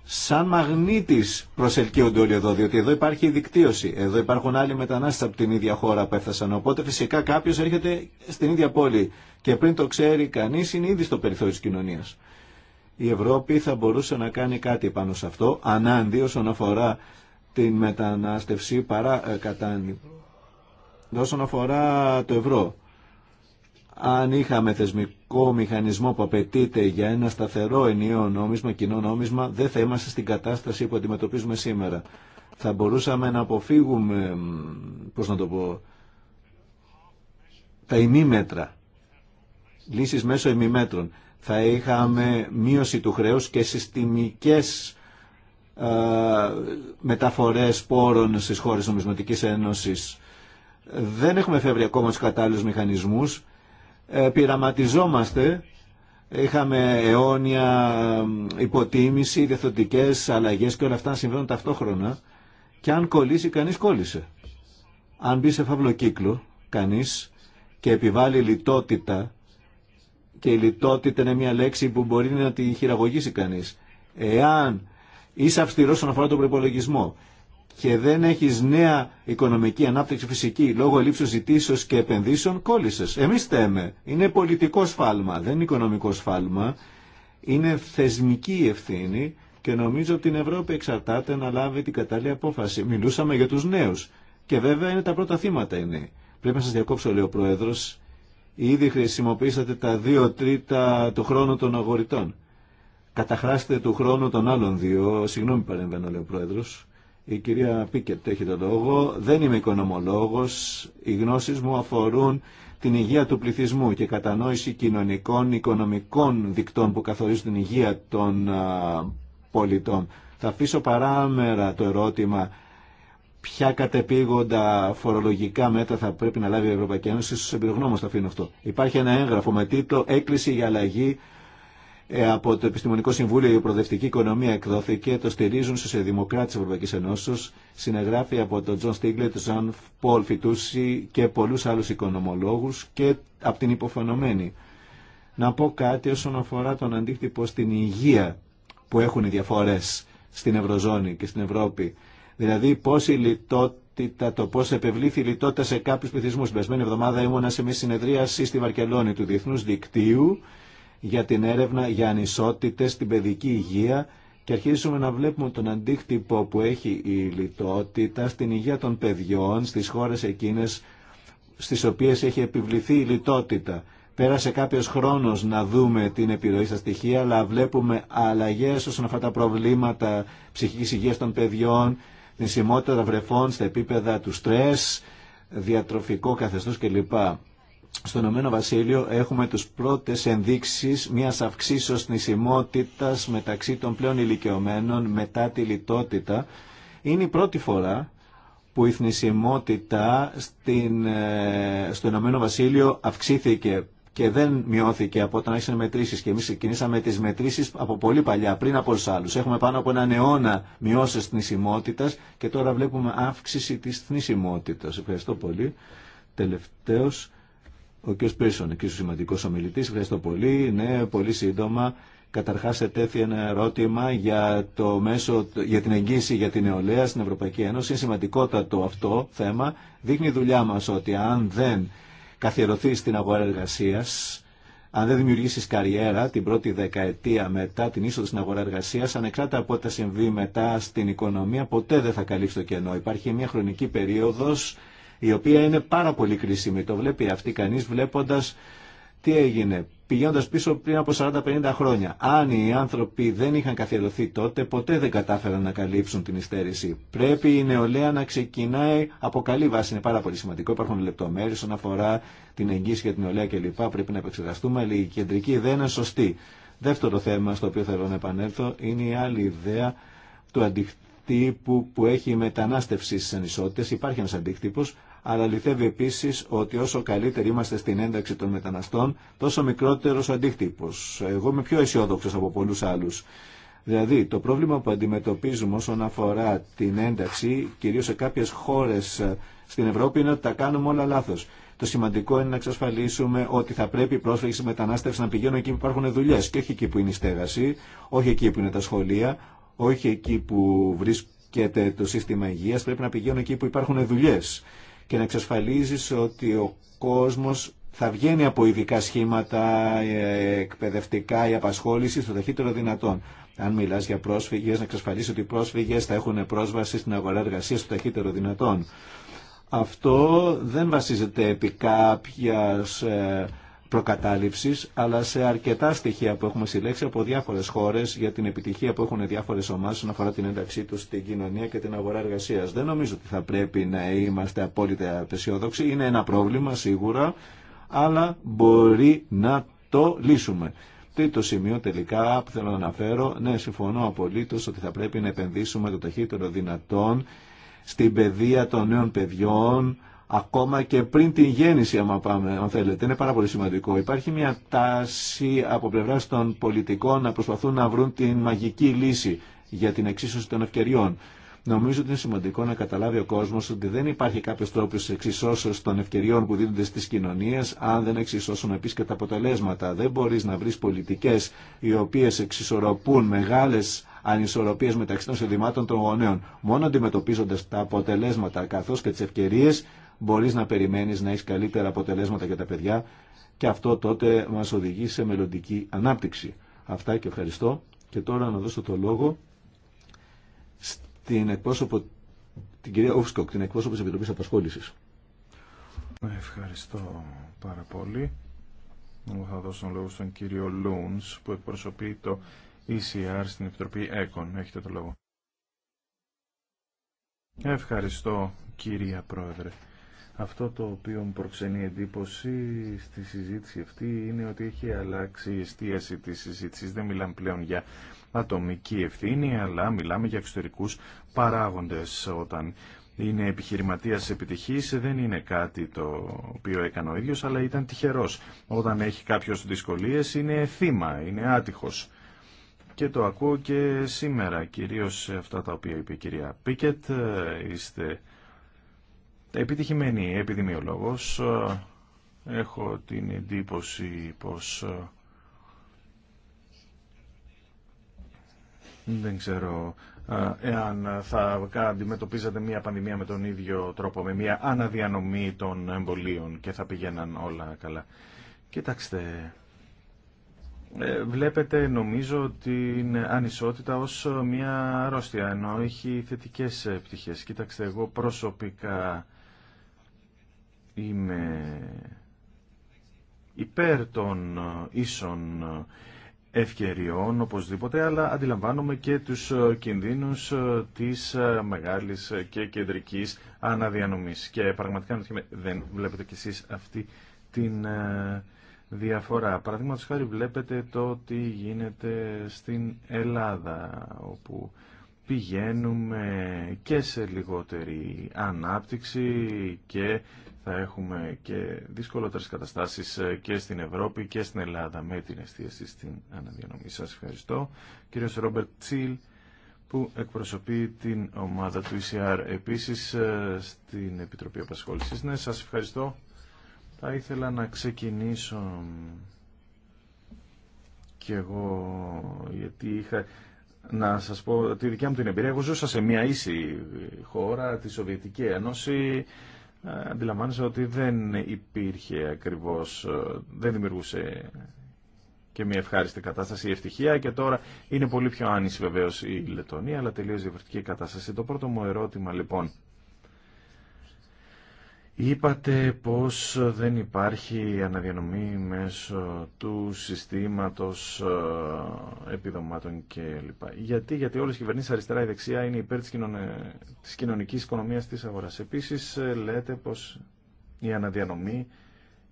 σαν μαγνήτης προσελκύονται όλοι εδώ, διότι εδώ υπάρχει η δικτύωση. Εδώ υπάρχουν άλλοι μετανάστες από την ίδια χώρα που έφτασαν. Οπότε φυσικά κάποιο έρχεται στην ίδια πόλη και πριν το ξέρει κανείς είναι ήδη στο περιθώριο τη κοινωνίας. Η Ευρώπη θα μπορούσε να κάνει κάτι πάνω σε αυτό, ανάντι όσον αφορά την μετανάστευση παρά ε, Όσον αφορά το ευρώ, αν είχαμε θεσμικό βασικό μηχανισμό που απαιτείται για ένα σταθερό ενιαίο νόμισμα, κοινό νόμισμα, δεν θα είμαστε στην κατάσταση που αντιμετωπίζουμε σήμερα. Θα μπορούσαμε να αποφύγουμε, πώς να το πω, τα ημίμετρα, λύσεις μέσω ημιμέτρων. Θα είχαμε μείωση του χρέους και συστημικές α, μεταφορές πόρων στις χώρες νομισματικής ένωσης. Δεν έχουμε φεύγει ακόμα τους κατάλληλους μηχανισμούς ε, πειραματιζόμαστε. Είχαμε αιώνια υποτίμηση, διαθωτικές αλλαγές και όλα αυτά συμβαίνουν ταυτόχρονα. Και αν κολλήσει, κανείς κόλλησε. Αν μπει σε κύκλο κανείς, και επιβάλλει λιτότητα, και η λιτότητα είναι μια λέξη που μπορεί να τη χειραγωγήσει κανείς. Εάν είσαι αυστηρός όσον αφορά τον προπολογισμό και δεν έχεις νέα οικονομική ανάπτυξη φυσική λόγω ελλείψης ζητήσεως και επενδύσεων, κόλλησες. Εμείς θέμε. Είναι πολιτικό σφάλμα, δεν είναι οικονομικό σφάλμα. Είναι θεσμική ευθύνη και νομίζω ότι την Ευρώπη εξαρτάται να λάβει την κατάλληλη απόφαση. Μιλούσαμε για τους νέους και βέβαια είναι τα πρώτα θύματα είναι. Πρέπει να σας διακόψω, λέει ο Πρόεδρος, ήδη χρησιμοποίησατε τα δύο τρίτα του χρόνου των αγορητών. Καταχράστε του χρόνου των άλλων δύο. Συγγνώμη παρεμβαίνω, λέει ο Πρόεδρος. Η κυρία Πίκετ έχει το λόγο. Δεν είμαι οικονομολόγος. Οι γνώσεις μου αφορούν την υγεία του πληθυσμού και κατανόηση κοινωνικών, οικονομικών δικτών που καθορίζουν την υγεία των πολιτών. Θα αφήσω παράμερα το ερώτημα ποια κατεπήγοντα φορολογικά μέτρα θα πρέπει να λάβει η Ευρωπαϊκή Ένωση. Στου εμπειρογνώμου θα αφήνω αυτό. Υπάρχει ένα έγγραφο με τίτλο Έκκληση για αλλαγή ε, από το Επιστημονικό Συμβούλιο η Προοδευτική Οικονομία εκδόθηκε, το στηρίζουν στους δημοκράτε τη Ευρωπαϊκή συνεγράφει από τον Τζον Στίγκλε, τον Ζαν Πολ Φιτούση και πολλού άλλου οικονομολόγους... και από την υποφαινομένη. Να πω κάτι όσον αφορά τον αντίκτυπο στην υγεία που έχουν οι διαφορέ στην Ευρωζώνη και στην Ευρώπη. Δηλαδή, πώ η λιτότητα, το πώ επευλήθη η λιτότητα σε κάποιου πληθυσμού. Την περασμένη εβδομάδα ήμουνα σε μια συνεδρίαση στη Βαρκελόνη του Διεθνού Δικτύου για την έρευνα για ανισότητες στην παιδική υγεία και αρχίζουμε να βλέπουμε τον αντίκτυπο που έχει η λιτότητα στην υγεία των παιδιών στις χώρες εκείνες στις οποίες έχει επιβληθεί η λιτότητα. Πέρασε κάποιος χρόνος να δούμε την επιρροή στα στοιχεία, αλλά βλέπουμε αλλαγές όσον αυτά τα προβλήματα ψυχικής υγείας των παιδιών, την σημότητα βρεφών στα επίπεδα του στρες, διατροφικό καθεστώς κλπ στο Ηνωμένο Βασίλειο έχουμε τους πρώτες ενδείξεις μιας αυξήσεως νησιμότητας μεταξύ των πλέον ηλικιωμένων μετά τη λιτότητα. Είναι η πρώτη φορά που η θνησιμότητα στην, ε, στο Ηνωμένο Βασίλειο αυξήθηκε και δεν μειώθηκε από όταν άρχισαν μετρήσει. Και εμεί ξεκινήσαμε τι μετρήσει από πολύ παλιά, πριν από του άλλου. Έχουμε πάνω από έναν αιώνα μειώσει θνησιμότητα και τώρα βλέπουμε αύξηση τη θνησιμότητα. Ευχαριστώ πολύ. Τελευταίο, ο κ. Πίρσον, ο ο σημαντικό ομιλητή, ευχαριστώ πολύ. Ναι, πολύ σύντομα. Καταρχά, ετέθη ένα ερώτημα για, το μέσο, για την εγγύηση για την νεολαία στην Ευρωπαϊκή Ένωση. Είναι σημαντικότατο αυτό θέμα. Δείχνει η δουλειά μα ότι αν δεν καθιερωθεί στην αγορά εργασία, αν δεν δημιουργήσει καριέρα την πρώτη δεκαετία μετά την είσοδο στην αγορά εργασία, ανεξάρτητα από ό,τι θα συμβεί μετά στην οικονομία, ποτέ δεν θα καλύψει το κενό. Υπάρχει μια χρονική περίοδο η οποία είναι πάρα πολύ κρίσιμη. Το βλέπει αυτή κανείς βλέποντας τι έγινε, πηγαίνοντας πίσω πριν από 40-50 χρόνια. Αν οι άνθρωποι δεν είχαν καθιερωθεί τότε, ποτέ δεν κατάφεραν να καλύψουν την υστέρηση. Πρέπει η νεολαία να ξεκινάει από καλή βάση. Είναι πάρα πολύ σημαντικό. Υπάρχουν λεπτομέρειε όσον αφορά την εγγύηση για την νεολαία κλπ. Πρέπει να επεξεργαστούμε, αλλά η κεντρική ιδέα είναι σωστή. Δεύτερο θέμα στο οποίο θέλω να επανέλθω είναι η άλλη ιδέα του αντικτύπου που έχει η μετανάστευση στι ανισότητε. Υπάρχει ένα αντίκτυπο, αλλά λυθεύει επίση ότι όσο καλύτεροι είμαστε στην ένταξη των μεταναστών, τόσο μικρότερο ο αντίκτυπο. Εγώ είμαι πιο αισιόδοξο από πολλού άλλου. Δηλαδή, το πρόβλημα που αντιμετωπίζουμε όσον αφορά την ένταξη, κυρίω σε κάποιε χώρε ε, στην Ευρώπη, είναι ότι τα κάνουμε όλα λάθο. Το σημαντικό είναι να εξασφαλίσουμε ότι θα πρέπει οι πρόσφυγε μετανάστευση να πηγαίνουν εκεί που υπάρχουν δουλειέ και όχι εκεί που είναι η στέγαση, όχι εκεί που είναι τα σχολεία, όχι εκεί που βρίσκεται το σύστημα υγεία. Πρέπει να πηγαίνουν εκεί που υπάρχουν δουλειέ και να εξασφαλίζεις ότι ο κόσμος θα βγαίνει από ειδικά σχήματα ε, εκπαιδευτικά ή απασχόληση στο ταχύτερο δυνατόν. Αν μιλά για πρόσφυγε, να εξασφαλίσει ότι οι πρόσφυγε θα έχουν πρόσβαση στην αγορά εργασία στο ταχύτερο δυνατόν. Αυτό δεν βασίζεται επί κάποια ε, προκατάληψης, αλλά σε αρκετά στοιχεία που έχουμε συλλέξει από διάφορες χώρες για την επιτυχία που έχουν διάφορες ομάδες όσον αφορά την ένταξή τους στην κοινωνία και την αγορά εργασίας. Δεν νομίζω ότι θα πρέπει να είμαστε απόλυτα απεσιόδοξοι. Είναι ένα πρόβλημα σίγουρα, αλλά μπορεί να το λύσουμε. Τρίτο σημείο τελικά που θέλω να αναφέρω, ναι συμφωνώ απολύτως ότι θα πρέπει να επενδύσουμε το ταχύτερο δυνατόν στην παιδεία των νέων παιδιών, ακόμα και πριν την γέννηση, άμα πάμε, αν θέλετε. Είναι πάρα πολύ σημαντικό. Υπάρχει μια τάση από πλευρά των πολιτικών να προσπαθούν να βρουν την μαγική λύση για την εξίσωση των ευκαιριών. Νομίζω ότι είναι σημαντικό να καταλάβει ο κόσμο ότι δεν υπάρχει κάποιο τρόπο εξισώσεω των ευκαιριών που δίνονται στι κοινωνίε, αν δεν εξισώσουν επίση και τα αποτελέσματα. Δεν μπορεί να βρει πολιτικέ οι οποίε εξισορροπούν μεγάλε ανισορροπίε μεταξύ των συνδυμάτων των γονέων. Μόνο αντιμετωπίζοντα τα αποτελέσματα καθώ και τι ευκαιρίε, μπορείς να περιμένεις να έχεις καλύτερα αποτελέσματα για τα παιδιά και αυτό τότε μας οδηγεί σε μελλοντική ανάπτυξη. Αυτά και ευχαριστώ. Και τώρα να δώσω το λόγο στην εκπρόσωπο, την κυρία ούφσκοκ την εκπρόσωπο της Επιτροπής Απασχόλησης. Ευχαριστώ πάρα πολύ. θα δώσω το λόγο στον κύριο Λούνς που εκπροσωπεί το ECR στην Επιτροπή ΕΚΟΝ. Έχετε το λόγο. Ευχαριστώ κυρία Πρόεδρε. Αυτό το οποίο μου προξενεί εντύπωση στη συζήτηση αυτή είναι ότι έχει αλλάξει η εστίαση της συζήτησης. Δεν μιλάμε πλέον για ατομική ευθύνη, αλλά μιλάμε για εξωτερικούς παράγοντες. Όταν είναι επιχειρηματίας επιτυχής, δεν είναι κάτι το οποίο έκανε ο ίδιος, αλλά ήταν τυχερός. Όταν έχει κάποιος δυσκολίες, είναι θύμα, είναι άτυχος. Και το ακούω και σήμερα, κυρίως αυτά τα οποία είπε η κυρία Πίκετ, είστε επιτυχημένη επιδημιολόγος. Έχω την εντύπωση πως ε, δεν ξέρω ε, εάν θα αντιμετωπίζατε μια πανδημία με τον ίδιο τρόπο, με μια αναδιανομή των εμβολίων και θα πηγαίναν όλα καλά. Κοιτάξτε, ε, βλέπετε νομίζω την ανισότητα ως μια αρρώστια, ενώ έχει θετικές πτυχές. Κοιτάξτε, εγώ προσωπικά είμαι υπέρ των ίσων ευκαιριών οπωσδήποτε, αλλά αντιλαμβάνομαι και τους κινδύνους της μεγάλης και κεντρικής αναδιανομής. Και πραγματικά δεν βλέπετε κι εσείς αυτή την ε, διαφορά. Παραδείγματος χάρη βλέπετε το τι γίνεται στην Ελλάδα, όπου πηγαίνουμε και σε λιγότερη ανάπτυξη και θα έχουμε και δυσκολότερες καταστάσεις ε, και στην Ευρώπη και στην Ελλάδα με την εστίαση στην αναδιανομή. Σας ευχαριστώ. Κύριος Ρόμπερτ Τσίλ που εκπροσωπεί την ομάδα του ECR επίσης ε, στην Επιτροπή Απασχόλησης. Ναι, σας ευχαριστώ. Θα ήθελα να ξεκινήσω και εγώ γιατί είχα να σας πω τη δικιά μου την εμπειρία. Εγώ ζούσα σε μια ίση ε, χώρα, τη Σοβιετική Ένωση ε, αντιλαμβάνεσαι ότι δεν υπήρχε ακριβώς, ε, δεν δημιουργούσε και μια ευχάριστη κατάσταση η ευτυχία και τώρα είναι πολύ πιο άνηση βεβαίως η Λετωνία αλλά τελείως διαφορετική κατάσταση. Το πρώτο μου ερώτημα λοιπόν Είπατε πως δεν υπάρχει αναδιανομή μέσω του συστήματος ε, επιδομάτων κλπ. Γιατί, γιατί όλες οι κυβερνήσεις αριστερά ή δεξιά είναι υπέρ της, κοινωνική της κοινωνικής οικονομίας της αγοράς. Επίσης ε, λέτε πως η αναδιανομή,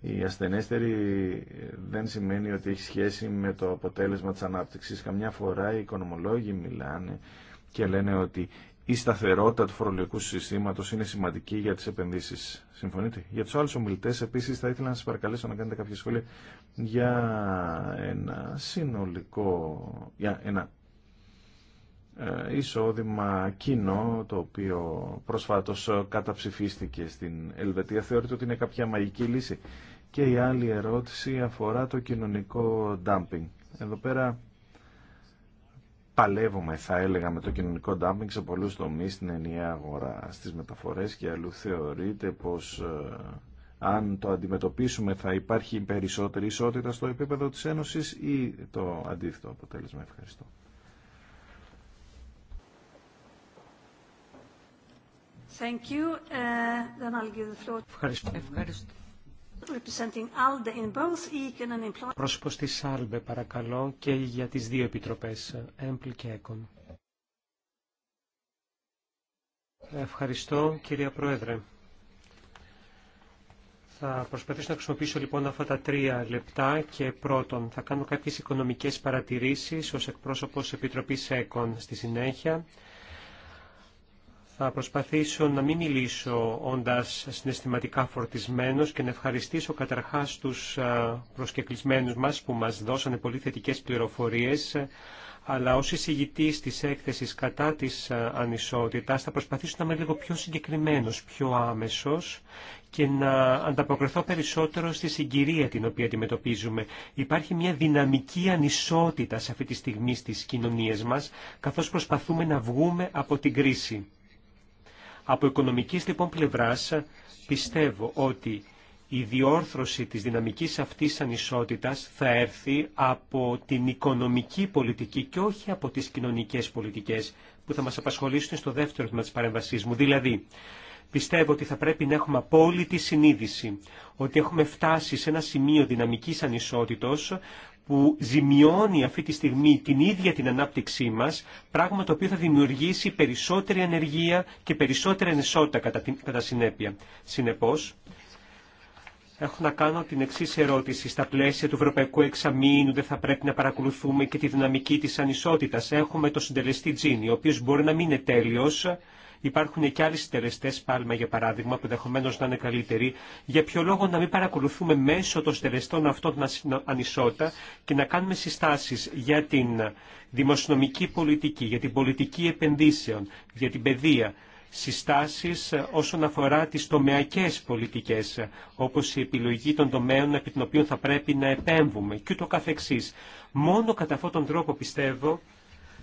η ασθενέστερη ε, δεν σημαίνει ότι έχει σχέση με το αποτέλεσμα της ανάπτυξης. Καμιά φορά οι οικονομολόγοι μιλάνε και λένε ότι η σταθερότητα του φορολογικού συστήματος είναι σημαντική για τις επενδύσεις. Συμφωνείτε. Για του άλλου ομιλητέ, επίσης θα ήθελα να σας παρακαλέσω να κάνετε κάποια σχόλια για ένα συνολικό, για ένα ε, εισόδημα κοινό το οποίο προσφάτως καταψηφίστηκε στην Ελβετία. Θεωρείται ότι είναι κάποια μαγική λύση. Και η άλλη ερώτηση αφορά το κοινωνικό dumping. Εδώ πέρα παλεύουμε θα έλεγα με το κοινωνικό ντάμπινγκ σε πολλούς τομείς στην ενιαία αγορά, στις μεταφορές και αλλού θεωρείται πως ε, αν το αντιμετωπίσουμε θα υπάρχει περισσότερη ισότητα στο επίπεδο της Ένωσης ή το αντίθετο αποτέλεσμα. Ευχαριστώ. Thank you. Ε, then I'll give the floor. Ευχαριστώ. Πρόσωπος της Άλμπε, παρακαλώ, και για τις δύο επιτροπές, Έμπλ και Έκον. Ευχαριστώ, κυρία Πρόεδρε. Θα προσπαθήσω να χρησιμοποιήσω λοιπόν αυτά τα τρία λεπτά και πρώτον θα κάνω κάποιες οικονομικές παρατηρήσεις ως εκπρόσωπος Επιτροπής ΕΚΟΝ στη συνέχεια. Θα προσπαθήσω να μην μιλήσω όντας συναισθηματικά φορτισμένος και να ευχαριστήσω καταρχάς τους προσκεκλισμένους μας που μας δώσανε πολύ θετικέ πληροφορίες αλλά ως εισηγητής της έκθεσης κατά της ανισότητας θα προσπαθήσω να είμαι λίγο πιο συγκεκριμένος, πιο άμεσος και να ανταποκριθώ περισσότερο στη συγκυρία την οποία αντιμετωπίζουμε. Υπάρχει μια δυναμική ανισότητα σε αυτή τη στιγμή στις κοινωνίες μας, καθώς προσπαθούμε να βγούμε από την κρίση. Από οικονομικής λοιπόν πλευράς πιστεύω ότι η διόρθρωση της δυναμικής αυτής ανισότητας θα έρθει από την οικονομική πολιτική και όχι από τις κοινωνικές πολιτικές που θα μας απασχολήσουν στο δεύτερο τμήμα της παρέμβασής μου. Δηλαδή, πιστεύω ότι θα πρέπει να έχουμε απόλυτη συνείδηση ότι έχουμε φτάσει σε ένα σημείο δυναμικής ανισότητος που ζημιώνει αυτή τη στιγμή την ίδια την ανάπτυξή μας, πράγμα το οποίο θα δημιουργήσει περισσότερη ανεργία και περισσότερη ανισότητα κατά, την, κατά συνέπεια. Συνεπώς, έχω να κάνω την εξή ερώτηση. Στα πλαίσια του Ευρωπαϊκού Εξαμήνου δεν θα πρέπει να παρακολουθούμε και τη δυναμική της ανισότητας. Έχουμε το συντελεστή Τζίνι, ο οποίος μπορεί να μην είναι τέλειος, Υπάρχουν και άλλοι στερεστέ πάλμα, για παράδειγμα, που ενδεχομένω να είναι καλύτεροι. Για ποιο λόγο να μην παρακολουθούμε μέσω των στερεστών αυτών την ανισότητα και να κάνουμε συστάσει για την δημοσιονομική πολιτική, για την πολιτική επενδύσεων, για την παιδεία, συστάσεις ε, όσον αφορά τις τομεακές πολιτικές, όπως η επιλογή των τομέων επί των οποίων θα πρέπει να επέμβουμε και ούτω καθεξής. Μόνο κατά αυτόν τον τρόπο πιστεύω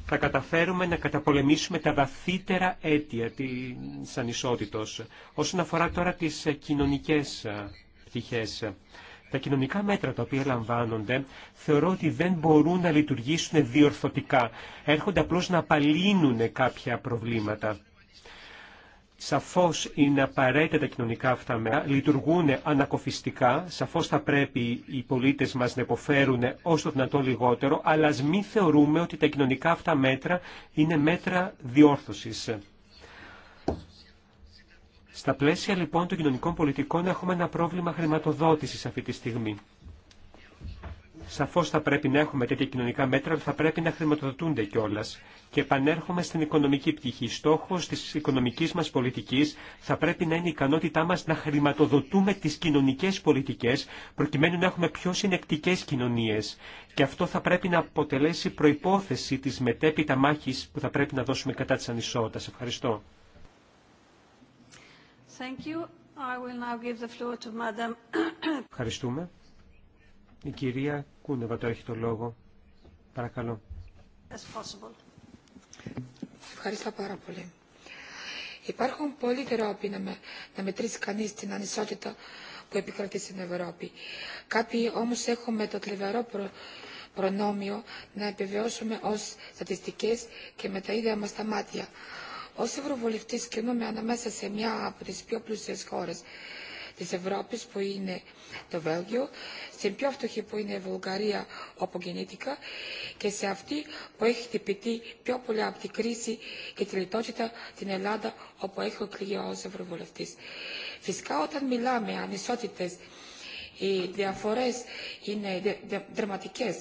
θα καταφέρουμε να καταπολεμήσουμε τα βαθύτερα αίτια της ανισότητος. Όσον αφορά τώρα τις κοινωνικές πτυχές, τα κοινωνικά μέτρα τα οποία λαμβάνονται θεωρώ ότι δεν μπορούν να λειτουργήσουν διορθωτικά. Έρχονται απλώς να απαλύνουν κάποια προβλήματα. Σαφώς είναι απαραίτητα τα κοινωνικά αυτά μέτρα, λειτουργούν ανακοφιστικά, σαφώς θα πρέπει οι πολίτες μας να υποφέρουν όσο το δυνατόν λιγότερο, αλλά α μην θεωρούμε ότι τα κοινωνικά αυτά μέτρα είναι μέτρα διόρθωση. Στα πλαίσια λοιπόν των κοινωνικών πολιτικών έχουμε ένα πρόβλημα χρηματοδότησης αυτή τη στιγμή. Σαφώ θα πρέπει να έχουμε τέτοια κοινωνικά μέτρα, που θα πρέπει να χρηματοδοτούνται κιόλα. Και επανέρχομαι στην οικονομική πτυχή. Στόχο τη οικονομική μα πολιτική θα πρέπει να είναι η ικανότητά μα να χρηματοδοτούμε τι κοινωνικέ πολιτικέ, προκειμένου να έχουμε πιο συνεκτικέ κοινωνίε. Και αυτό θα πρέπει να αποτελέσει προπόθεση τη μετέπειτα μάχη που θα πρέπει να δώσουμε κατά τη ανισότητα. Ευχαριστώ. Thank you. I will now give the floor to Madam... Ευχαριστούμε. Η κυρία έχει Ευχαριστώ πάρα πολύ. Υπάρχουν πολλοί τρόποι να, με, να μετρήσει κανείς την ανισότητα που επικρατεί στην Ευρώπη. Κάποιοι όμως έχουμε το θλιβερό προνόμιο να επιβεώσουμε ως στατιστικές και με τα ίδια μας τα μάτια. Ως Ευρωβουλευτής κινούμε ανάμεσα σε μια από τις πιο πλούσιες χώρες της Ευρώπης που είναι το Βέλγιο, στην πιο φτωχή που είναι η Βουλγαρία όπου γεννήθηκα και σε αυτή που έχει χτυπηθεί πιο πολύ από την κρίση και τη λιτότητα την Ελλάδα όπου έχω εκλεγεί ως Ευρωβουλευτής. Φυσικά όταν μιλάμε ανισότητες οι διαφορές είναι δραματικές.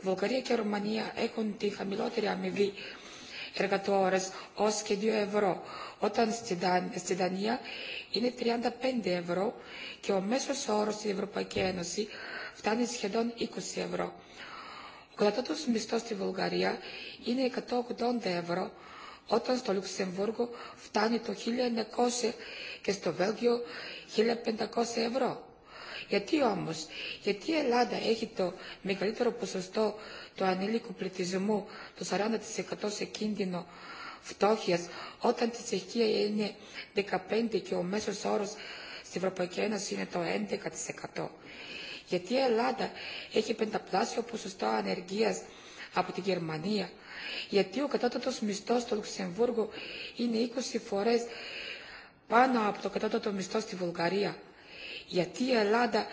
Βουλγαρία και Ρουμανία έχουν τη χαμηλότερη αμοιβή εργατόρες ως και 2 ευρώ, όταν στη Δανία είναι 35 ευρώ και ο μέσος όρος στην Ευρωπαϊκή Ένωση φτάνει σχεδόν 20 ευρώ. Ο κατατάτος μισθός στη Βουλγαρία είναι 180 ευρώ, όταν στο Λουξεμβούργο φτάνει το 1900 και στο Βέλγιο 1500 ευρώ. Γιατί όμως, γιατί η Ελλάδα έχει το μεγαλύτερο ποσοστό του ανήλικου πληθυσμού, το 40% σε κίνδυνο φτώχειας, όταν τη Τσεχία είναι 15% και ο μέσος όρος στην Ευρωπαϊκή Ένωση είναι το 11%. Γιατί η Ελλάδα έχει πενταπλάσιο ποσοστό ανεργίας από την Γερμανία, γιατί ο κατώτατος μισθός στο Λουξεμβούργο είναι 20 φορές πάνω από το κατώτατο μισθό στη Βουλγαρία, γιατί η Ελλάδα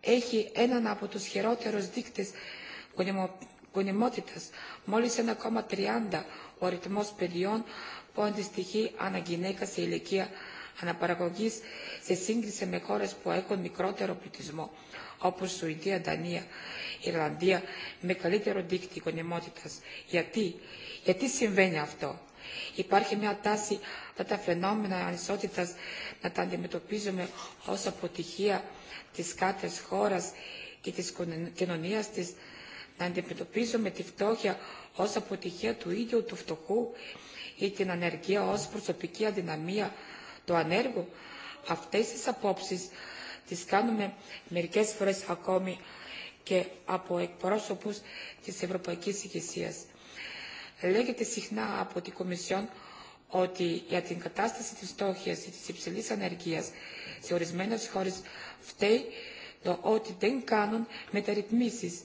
έχει έναν από τους χειρότερους δείκτες γονιμότητας. Μόλις 1,30 ο αριθμός παιδιών που αντιστοιχεί ανά γυναίκα σε ηλικία αναπαραγωγής σε σύγκριση με χώρες που έχουν μικρότερο πληθυσμό, όπως Σουηδία, Δανία, Ιρλανδία, με καλύτερο δίκτυο γονιμότητας. Γιατί, γιατί συμβαίνει αυτό. Υπάρχει μια τάση αυτά τα φαινόμενα ανισότητας να τα αντιμετωπίζουμε ως αποτυχία της κάθε χώρας και της κοινωνίας της να αντιμετωπίζουμε τη φτώχεια ως αποτυχία του ίδιου του φτωχού ή την ανεργία ως προσωπική αδυναμία του ανέργου. Αυτές τις απόψεις τις κάνουμε μερικές φορές ακόμη και από εκπρόσωπους της Ευρωπαϊκής Ηγεσίας. Λέγεται συχνά από την Κομισιόν ότι για την κατάσταση της φτώχεια ή της υψηλής ανεργίας σε ορισμένες χώρες φταίει το ότι δεν κάνουν μεταρρυθμίσεις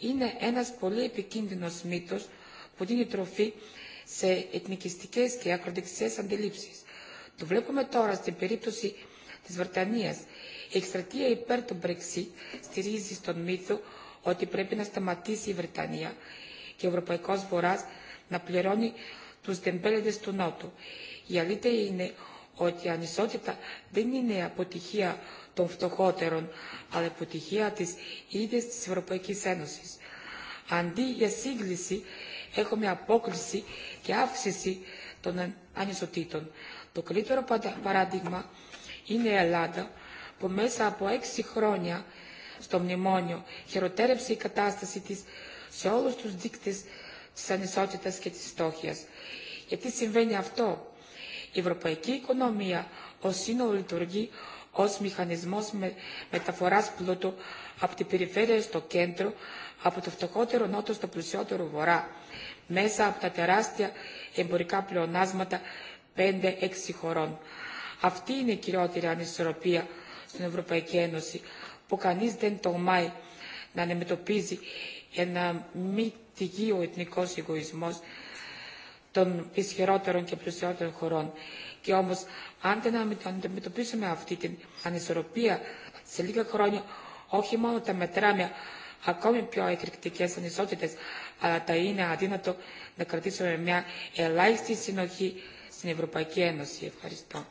είναι ένας πολύ επικίνδυνος μύθος που δίνει τροφή σε εθνικιστικές και ακροδεξιές αντιλήψεις. Το βλέπουμε τώρα στην περίπτωση της Βρετανίας. Η εκστρατεία υπέρ του Brexit στηρίζει στον μύθο ότι πρέπει να σταματήσει η Βρετανία και ο Ευρωπαϊκός Βορράς να πληρώνει τους τεμπέλεδες του Νότου. Η αλήθεια είναι ότι η ανισότητα δεν είναι αποτυχία των φτωχότερων, αλλά αποτυχία της ίδιας της Ευρωπαϊκής Ένωσης. Αντί για σύγκληση, έχουμε απόκληση και αύξηση των ανισοτήτων. Το καλύτερο παράδειγμα είναι η Ελλάδα, που μέσα από έξι χρόνια στο μνημόνιο χειροτέρεψε η κατάσταση της σε όλους τους δείκτες της ανισότητας και της στόχιας. Γιατί συμβαίνει αυτό η ευρωπαϊκή οικονομία ω σύνολο λειτουργεί ω μηχανισμό μεταφορά μεταφοράς πλούτου από την περιφέρεια στο κέντρο, από το φτωχότερο νότο στο πλουσιότερο βορρά, μέσα από τα τεράστια εμπορικά πλεονάσματα 5-6 χωρών. Αυτή είναι η κυριότερη ανισορροπία στην Ευρωπαϊκή Ένωση, που κανείς δεν τολμάει να αντιμετωπίζει ένα μη τυγείο εθνικός εγωισμός των ισχυρότερων και πλουσιότερων χωρών. Και όμω, αν δεν αντιμετωπίσουμε αυτή την ανισορροπία σε λίγα χρόνια, όχι μόνο τα μετράμε ακόμη πιο εκρηκτικές ανισότητε, αλλά τα είναι αδύνατο να κρατήσουμε μια ελάχιστη συνοχή στην Ευρωπαϊκή Ένωση. Ευχαριστώ.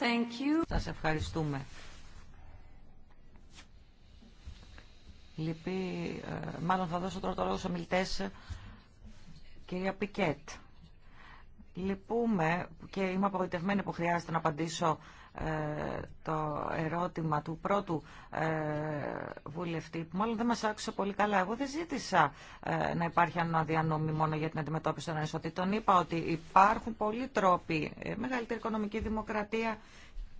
Thank Σας ευχαριστούμε. Λυπή, ε, μάλλον θα δώσω τώρα το λόγο στους ομιλητές, ε, κυρία Πικέτ. Λυπούμε και είμαι απογοητευμένη που χρειάζεται να απαντήσω ε, το ερώτημα του πρώτου βουλευτή που μάλλον δεν μας άκουσε πολύ καλά. Εγώ δεν ζήτησα να υπάρχει αναδιανομή μόνο για την αντιμετώπιση των ανισοτήτων. Είπα ότι υπάρχουν πολλοί τρόποι, μεγαλύτερη οικονομική δημοκρατία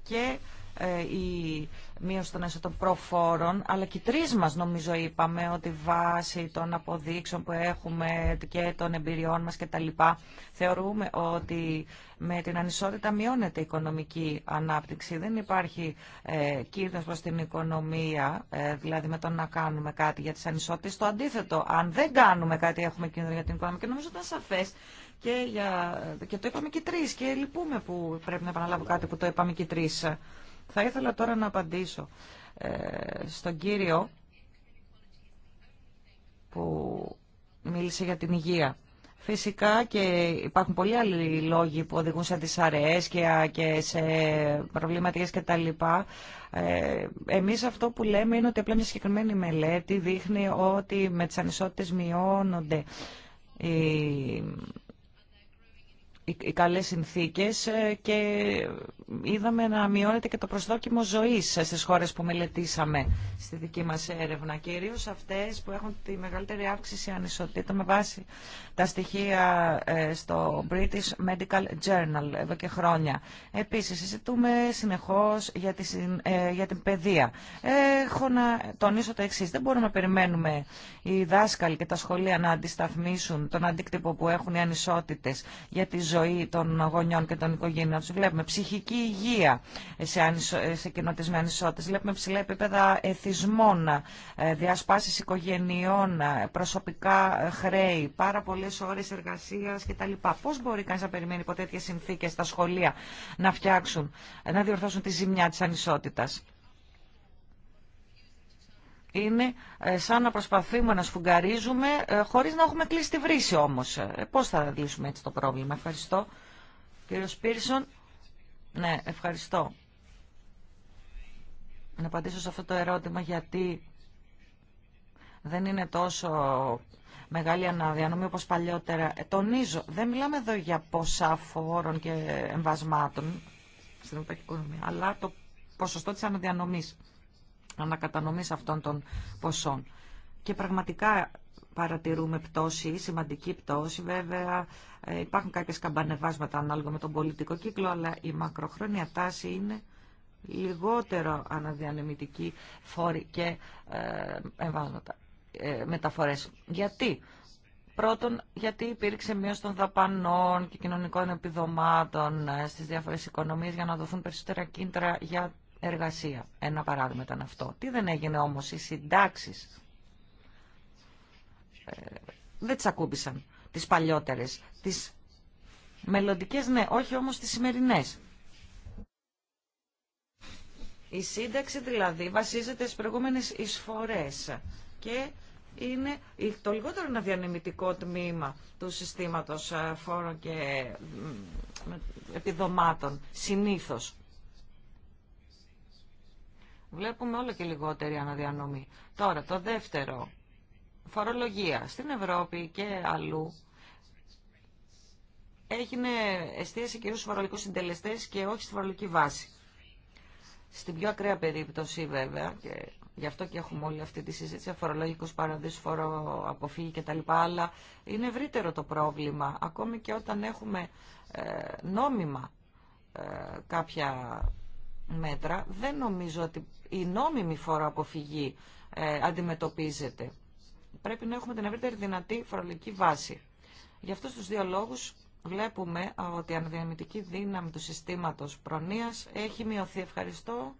και ε, η μείωση των προφόρων, αλλά και οι τρεις μας νομίζω είπαμε ότι βάσει των αποδείξεων που έχουμε και των εμπειριών μας και τα λοιπά, θεωρούμε ότι με την ανισότητα μειώνεται η οικονομική ανάπτυξη. Δεν υπάρχει ε, κίνδυνος προς την οικονομία, ε, δηλαδή με το να κάνουμε κάτι για τις ανισότητες. Το αντίθετο, αν δεν κάνουμε κάτι έχουμε κίνδυνο για την οικονομία. Και νομίζω ήταν σαφές και, για... και το είπαμε και τρεις και λυπούμε που πρέπει να επαναλάβω κάτι που το είπαμε και τρεις. Θα ήθελα τώρα να απαντήσω ε, στον κύριο που μίλησε για την υγεία. Φυσικά και υπάρχουν πολλοί άλλοι λόγοι που οδηγούν σε δυσαρέες και σε προβληματίες και τα λοιπά. Ε, εμείς αυτό που λέμε είναι ότι απλά μια συγκεκριμένη μελέτη δείχνει ότι με τις ανισότητες μειώνονται οι οι καλές συνθήκες ε, και είδαμε να μειώνεται και το προσδόκιμο ζωής στις χώρες που μελετήσαμε στη δική μας έρευνα, κυρίως αυτές που έχουν τη μεγαλύτερη αύξηση ανισοτήτων με βάση τα στοιχεία ε, στο British Medical Journal εδώ και χρόνια. Επίσης, συζητούμε συνεχώς για, τη, ε, για την παιδεία. Έχω να τονίσω το εξή. Δεν μπορούμε να περιμένουμε οι δάσκαλοι και τα σχολεία να αντισταθμίσουν τον αντίκτυπο που έχουν οι ανισότητες για τη ζωή ζωή των γονιών και των οικογένειών Βλέπουμε ψυχική υγεία σε, ανισο... σε κοινότητε με Βλέπουμε ψηλά επίπεδα εθισμών, ε, διασπάσει οικογενειών, ε, προσωπικά ε, χρέη, πάρα πολλέ ώρε εργασία κτλ. Πώ μπορεί κανεί να περιμένει υπό τέτοιε συνθήκε τα σχολεία να φτιάξουν, να διορθώσουν τη ζημιά τη ανισότητα είναι ε, σαν να προσπαθούμε να σφουγγαρίζουμε ε, χωρίς να έχουμε κλείσει τη βρύση όμως. Ε, πώς θα λύσουμε έτσι το πρόβλημα. Ευχαριστώ. Κύριο Πίρσον. Ναι, ευχαριστώ. Να απαντήσω σε αυτό το ερώτημα γιατί δεν είναι τόσο μεγάλη αναδιανομή όπως παλιότερα. τονίζω, δεν μιλάμε εδώ για ποσά φόρων και εμβασμάτων στην οικονομία, αλλά το ποσοστό της αναδιανομής ανακατανομής αυτών των ποσών. Και πραγματικά παρατηρούμε πτώση, σημαντική πτώση. Βέβαια ε, υπάρχουν κάποιες καμπανεβάσματα ανάλογα με τον πολιτικό κύκλο, αλλά η μακροχρόνια τάση είναι λιγότερο αναδιανεμητική φόρη και ε, ε μεταφορές. Γιατί? Πρώτον, γιατί υπήρξε μείωση των δαπανών και κοινωνικών επιδομάτων ε, στις διάφορες οικονομίες για να δοθούν περισσότερα κίνητρα για εργασία. Ένα παράδειγμα ήταν αυτό. Τι δεν έγινε όμως, οι συντάξεις ε, δεν τις ακούμπησαν, τις παλιότερες, τις μελλοντικές ναι, όχι όμως τις σημερινές. Η σύνταξη δηλαδή βασίζεται στις προηγούμενες εισφορές και είναι το λιγότερο αναδιανεμητικό τμήμα του συστήματος ε, φόρων και επιδομάτων συνήθως. Βλέπουμε όλο και λιγότερη αναδιανομή. Τώρα, το δεύτερο, φορολογία. Στην Ευρώπη και αλλού έγινε εστίαση κυρίως στους φορολογικούς συντελεστές και όχι στη φορολογική βάση. Στην πιο ακραία περίπτωση βέβαια, και γι' αυτό και έχουμε όλη αυτή τη συζήτηση, φορολογικούς παραδείσους, φορο κτλ. Αλλά είναι ευρύτερο το πρόβλημα, ακόμη και όταν έχουμε ε, νόμιμα ε, κάποια μέτρα, δεν νομίζω ότι η νόμιμη φοροαποφυγή ε, αντιμετωπίζεται. Πρέπει να έχουμε την ευρύτερη δυνατή φορολογική βάση. Για αυτούς τους δύο λόγους βλέπουμε ότι η δύναμη του συστήματος προνοίας έχει μειωθεί. Ευχαριστώ,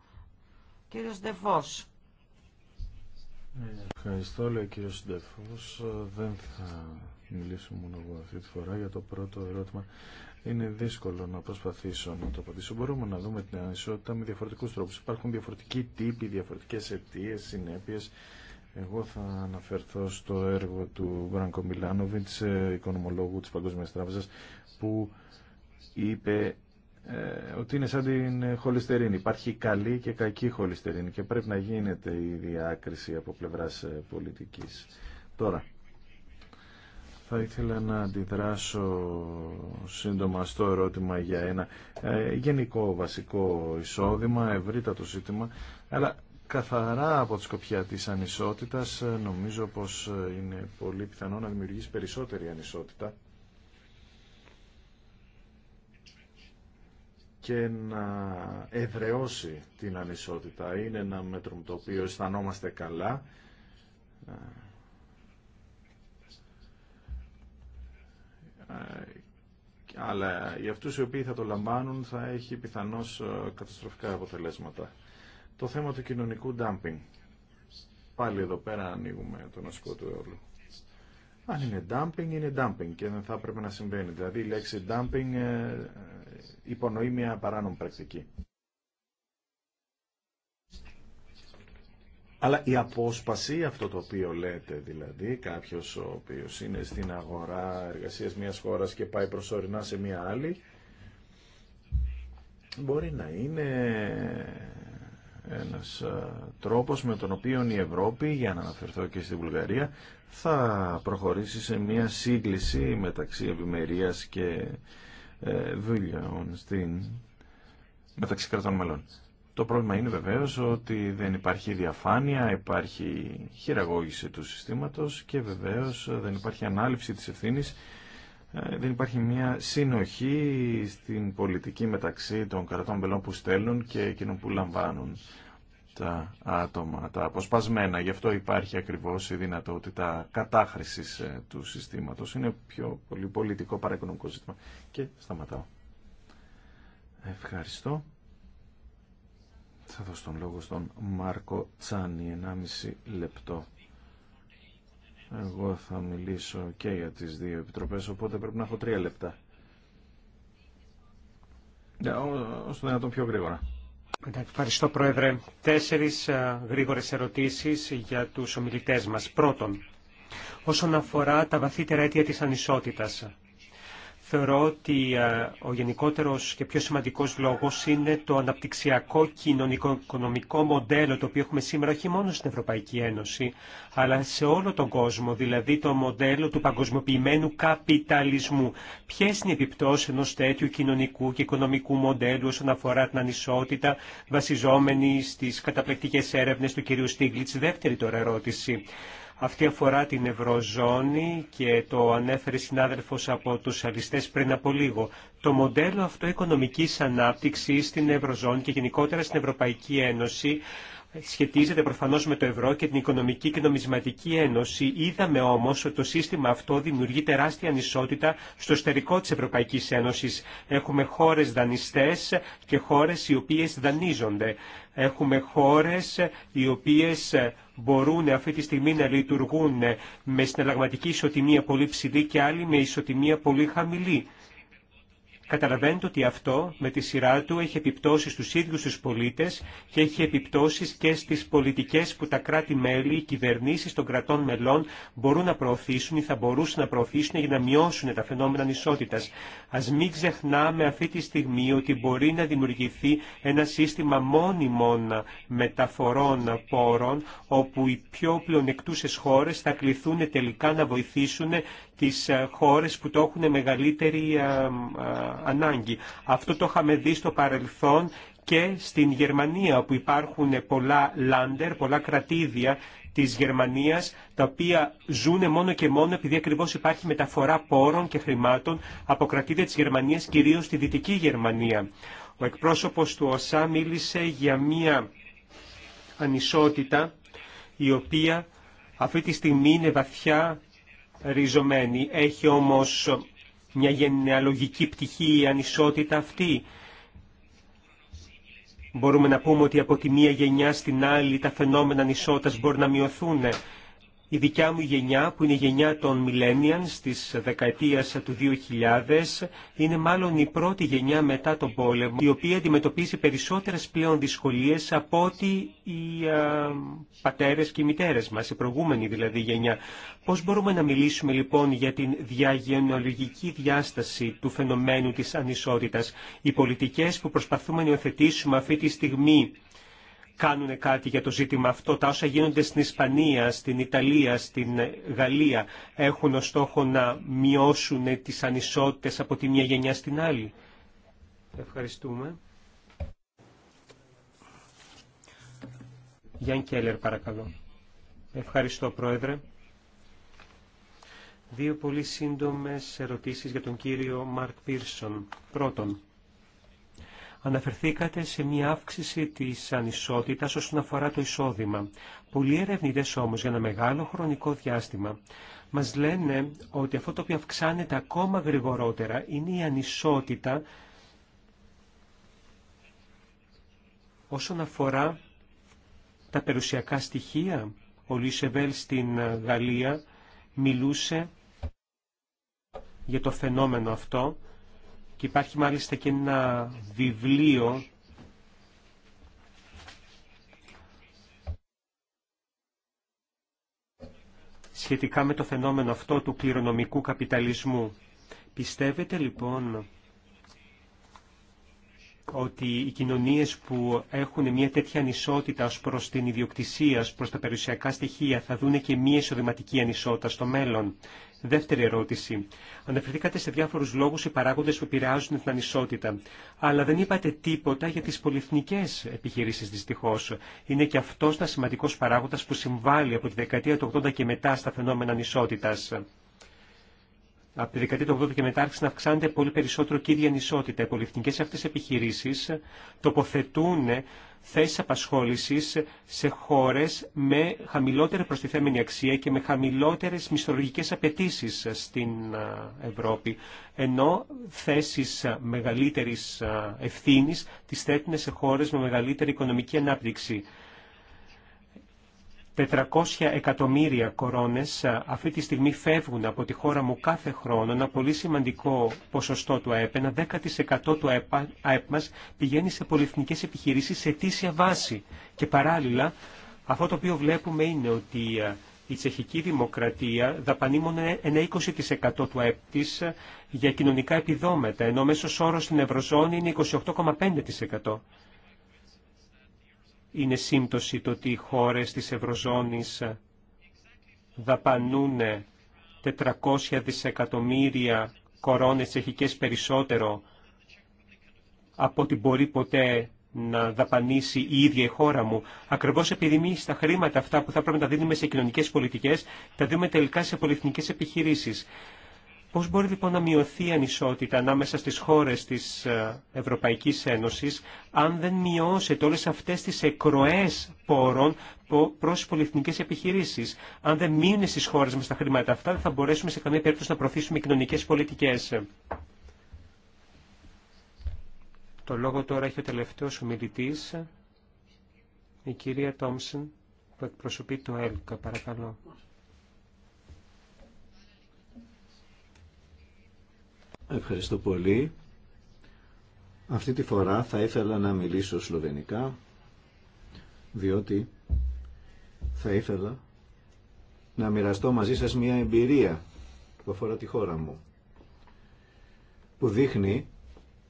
κύριος Δεβός. Ε, ευχαριστώ, λέει ο κύριος Ντεφός. Ε, δεν θα μιλήσω μόνο εγώ αυτή τη φορά για το πρώτο ερώτημα είναι δύσκολο να προσπαθήσω να το απαντήσω. Μπορούμε να δούμε την ανισότητα με διαφορετικούς τρόπους. Υπάρχουν διαφορετικοί τύποι, διαφορετικές αιτίε, συνέπειες. Εγώ θα αναφερθώ στο έργο του Μπρανκο Μιλάνοβιτ, ε, οικονομολόγου της Παγκόσμια Τράπεζας, που είπε ε, ότι είναι σαν την χολυστερίνη. Υπάρχει καλή και κακή χολυστερίνη και πρέπει να γίνεται η διάκριση από πλευρά ε, πολιτική. Τώρα, θα ήθελα να αντιδράσω σύντομα στο ερώτημα για ένα ε, γενικό βασικό εισόδημα, ευρύτατο ζήτημα, αλλά καθαρά από τη σκοπιά της ανισότητας ε, νομίζω πως ε, είναι πολύ πιθανό να δημιουργήσει περισσότερη ανισότητα και να εδρεώσει την ανισότητα. Είναι ένα μέτρο με το οποίο αισθανόμαστε καλά αλλά για αυτούς οι οποίοι θα το λαμβάνουν θα έχει πιθανώς ε, καταστροφικά αποτελέσματα. Το θέμα του κοινωνικού dumping. Πάλι εδώ πέρα ανοίγουμε τον ασκό του αιώλου. Αν είναι dumping, είναι dumping και δεν θα πρέπει να συμβαίνει. Δηλαδή η λέξη dumping ε, υπονοεί μια παράνομη πρακτική. Αλλά η απόσπαση, αυτό το οποίο λέτε δηλαδή, κάποιο ο οποίο είναι στην αγορά εργασίας μια χώρα και πάει προσωρινά σε μια άλλη, μπορεί να είναι ένας τρόπος με τον οποίο η Ευρώπη, για να αναφερθώ και στη Βουλγαρία, θα προχωρήσει σε μια σύγκληση μεταξύ ευημερία και ε, δουλειών στην... μεταξύ κρατών μελών. Το πρόβλημα είναι βεβαίω ότι δεν υπάρχει διαφάνεια, υπάρχει χειραγώγηση του συστήματος και βεβαίω δεν υπάρχει ανάληψη της ευθύνης, ε, δεν υπάρχει μια συνοχή στην πολιτική μεταξύ των κρατών μελών που στέλνουν και εκείνων που λαμβάνουν τα άτομα, τα αποσπασμένα. Γι' αυτό υπάρχει ακριβώς η δυνατότητα κατάχρησης ε, του συστήματος. Είναι πιο πολύ πολιτικό παρακονομικό ζήτημα. Και σταματάω. Ευχαριστώ. Θα δώσω τον λόγο στον Μάρκο Τσάνι, 1,5 λεπτό. Εγώ θα μιλήσω και για τις δύο επιτροπές, οπότε πρέπει να έχω τρία λεπτά. Όσο το δυνατόν πιο γρήγορα. Ευχαριστώ, Πρόεδρε. Τέσσερις γρήγορες ερωτήσεις για τους ομιλητές μας. Πρώτον, όσον αφορά τα βαθύτερα αίτια της ανισότητας θεωρώ ότι ε, ο γενικότερος και πιο σημαντικός λόγος είναι το αναπτυξιακό κοινωνικο-οικονομικό μοντέλο το οποίο έχουμε σήμερα όχι μόνο στην Ευρωπαϊκή Ένωση αλλά σε όλο τον κόσμο, δηλαδή το μοντέλο του παγκοσμιοποιημένου καπιταλισμού. Ποιε είναι οι επιπτώσει ενός τέτοιου κοινωνικού και οικονομικού μοντέλου όσον αφορά την ανισότητα βασιζόμενη στις καταπληκτικές έρευνες του κυρίου Στίγκλιτς. Δεύτερη τώρα ερώτηση. Αυτή αφορά την Ευρωζώνη και το ανέφερε συνάδελφος από τους αριστές πριν από λίγο. Το μοντέλο αυτό οικονομικής ανάπτυξης στην Ευρωζώνη και γενικότερα στην Ευρωπαϊκή Ένωση σχετίζεται προφανώς με το ευρώ και την Οικονομική και Νομισματική Ένωση. Είδαμε όμως ότι το σύστημα αυτό δημιουργεί τεράστια ανισότητα στο εσωτερικό της Ευρωπαϊκής Ένωσης. Έχουμε χώρες δανειστές και χώρες οι οποίες δανείζονται. Έχουμε χώρες οι οποίες μπορούν αυτή τη στιγμή να λειτουργούν με συναλλαγματική ισοτιμία πολύ ψηλή και άλλοι με ισοτιμία πολύ χαμηλή. Καταλαβαίνετε ότι αυτό με τη σειρά του έχει επιπτώσει στους ίδιους τους πολίτες και έχει επιπτώσεις και στις πολιτικές που τα κράτη-μέλη, οι κυβερνήσεις των κρατών μελών μπορούν να προωθήσουν ή θα μπορούσαν να προωθήσουν για να μειώσουν τα φαινόμενα ανισότητας. Ας μην ξεχνάμε αυτή τη στιγμή ότι μπορεί να δημιουργηθεί ένα σύστημα μόνιμων μεταφορών πόρων όπου οι πιο πλεονεκτούσες χώρες θα κληθούν τελικά να βοηθήσουν τις ε, χώρες που το έχουν μεγαλύτερη ε, ε, ανάγκη. Αυτό το είχαμε δει στο παρελθόν και στην Γερμανία όπου υπάρχουν πολλά λάντερ, πολλά κρατήδια της Γερμανίας τα οποία ζουν μόνο και μόνο επειδή ακριβώς υπάρχει μεταφορά πόρων και χρημάτων από κρατήδια της Γερμανίας, κυρίως στη Δυτική Γερμανία. Ο εκπρόσωπος του ΟΣΑ μίλησε για μία ανισότητα η οποία αυτή τη στιγμή είναι βαθιά ριζωμένη. Έχει όμως μια γενεαλογική πτυχή η ανισότητα αυτή. Μπορούμε να πούμε ότι από τη μία γενιά στην άλλη τα φαινόμενα ανισότητας μπορεί να μειωθούν η δικιά μου γενιά, που είναι η γενιά των millennials στις δεκαετίες του 2000, είναι μάλλον η πρώτη γενιά μετά τον πόλεμο, η οποία αντιμετωπίζει περισσότερες πλέον δυσκολίες από ό,τι οι πατέρες και οι μητέρες μας, η προηγούμενη δηλαδή γενιά. Πώς μπορούμε να μιλήσουμε λοιπόν για την διαγενεολογική διάσταση του φαινομένου της ανισότητας. Οι πολιτικές που προσπαθούμε να υιοθετήσουμε αυτή τη στιγμή κάνουν κάτι για το ζήτημα αυτό. Τα όσα γίνονται στην Ισπανία, στην Ιταλία, στην Γαλλία έχουν ως στόχο να μειώσουν τις ανισότητες από τη μία γενιά στην άλλη. Ευχαριστούμε. Γιάν Κέλλερ παρακαλώ. Ευχαριστώ Πρόεδρε. Δύο πολύ σύντομες ερωτήσεις για τον κύριο Μαρκ Πίρσον. Πρώτον, Αναφερθήκατε σε μια αύξηση της ανισότητας όσον αφορά το εισόδημα. Πολλοί ερευνητές όμως για ένα μεγάλο χρονικό διάστημα μας λένε ότι αυτό το οποίο αυξάνεται ακόμα γρηγορότερα είναι η ανισότητα όσον αφορά τα περιουσιακά στοιχεία. Ο Λίσεβέλ στην Γαλλία μιλούσε για το φαινόμενο αυτό και υπάρχει μάλιστα και ένα βιβλίο σχετικά με το φαινόμενο αυτό του κληρονομικού καπιταλισμού. Πιστεύετε λοιπόν ότι οι κοινωνίες που έχουν μια τέτοια ανισότητα ως προς την ιδιοκτησία, ως προς τα περιουσιακά στοιχεία, θα δούνε και μια εισοδηματική ανισότητα στο μέλλον. Δεύτερη ερώτηση. Αναφερθήκατε σε διάφορους λόγους οι παράγοντες που επηρεάζουν την ανισότητα. Αλλά δεν είπατε τίποτα για τις πολυεθνικές επιχειρήσεις δυστυχώς. Είναι και αυτός ένα σημαντικός παράγοντας που συμβάλλει από τη δεκαετία του 80 και μετά στα φαινόμενα ανισότητας από τη δεκαετία του 80 και μετά άρχισε να αυξάνεται πολύ περισσότερο και η ίδια ανισότητα. Οι πολυεθνικέ αυτέ επιχειρήσει τοποθετούν θέσει απασχόληση σε χώρε με χαμηλότερη προστιθέμενη αξία και με χαμηλότερε μισθολογικέ απαιτήσει στην Ευρώπη. Ενώ θέσει μεγαλύτερη ευθύνη τι θέτουν σε χώρε με μεγαλύτερη οικονομική ανάπτυξη. 400 εκατομμύρια κορώνες αυτή τη στιγμή φεύγουν από τη χώρα μου κάθε χρόνο. Ένα πολύ σημαντικό ποσοστό του ΑΕΠ, ένα 10% του ΑΕΠ μας πηγαίνει σε πολυεθνικές επιχειρήσεις σε αιτήσια βάση. Και παράλληλα αυτό το οποίο βλέπουμε είναι ότι η τσεχική δημοκρατία δαπανεί ένα 20% του ΑΕΠ της για κοινωνικά επιδόματα, ενώ μέσος όρος στην Ευρωζώνη είναι 28,5% είναι σύμπτωση το ότι οι χώρες της Ευρωζώνης δαπανούν 400 δισεκατομμύρια κορώνες τσεχικές περισσότερο από ό,τι μπορεί ποτέ να δαπανίσει η ίδια η χώρα μου. Ακριβώ επειδή εμεί τα χρήματα αυτά που θα πρέπει να τα δίνουμε σε κοινωνικέ πολιτικέ, τα δίνουμε τελικά σε πολυεθνικέ επιχειρήσει. Πώς μπορεί λοιπόν να μειωθεί η ανισότητα ανάμεσα στις χώρες της ε, Ευρωπαϊκής Ένωσης αν δεν μειώσετε όλες αυτές τις εκροές πόρων προς πολυεθνικές επιχειρήσεις. Αν δεν μείνουν στις χώρες μας τα χρήματα αυτά δεν θα μπορέσουμε σε καμία περίπτωση να προωθήσουμε κοινωνικές πολιτικές. Το λόγο τώρα έχει ο τελευταίος ομιλητής, η κυρία Τόμσεν που εκπροσωπεί το ΕΛΚΑ. Παρακαλώ. Ευχαριστώ πολύ. Αυτή τη φορά θα ήθελα να μιλήσω σλοβενικά, διότι θα ήθελα να μοιραστώ μαζί σας μια εμπειρία που αφορά τη χώρα μου, που δείχνει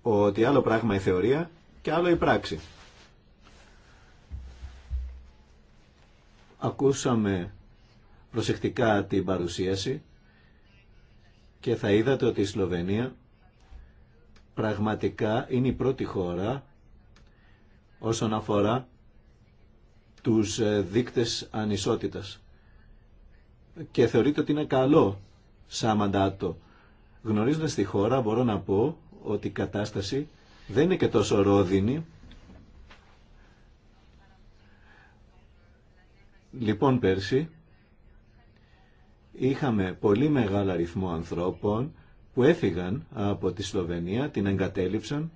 ότι άλλο πράγμα η θεωρία και άλλο η πράξη. Ακούσαμε προσεκτικά την παρουσίαση και θα είδατε ότι η Σλοβενία πραγματικά είναι η πρώτη χώρα όσον αφορά τους ε, δείκτες ανισότητας. Και θεωρείται ότι είναι καλό σαν μαντάτο. Γνωρίζοντας τη χώρα μπορώ να πω ότι η κατάσταση δεν είναι και τόσο ρόδινη. Λοιπόν πέρσι είχαμε πολύ μεγάλο αριθμό ανθρώπων που έφυγαν από τη Σλοβενία, την εγκατέλειψαν,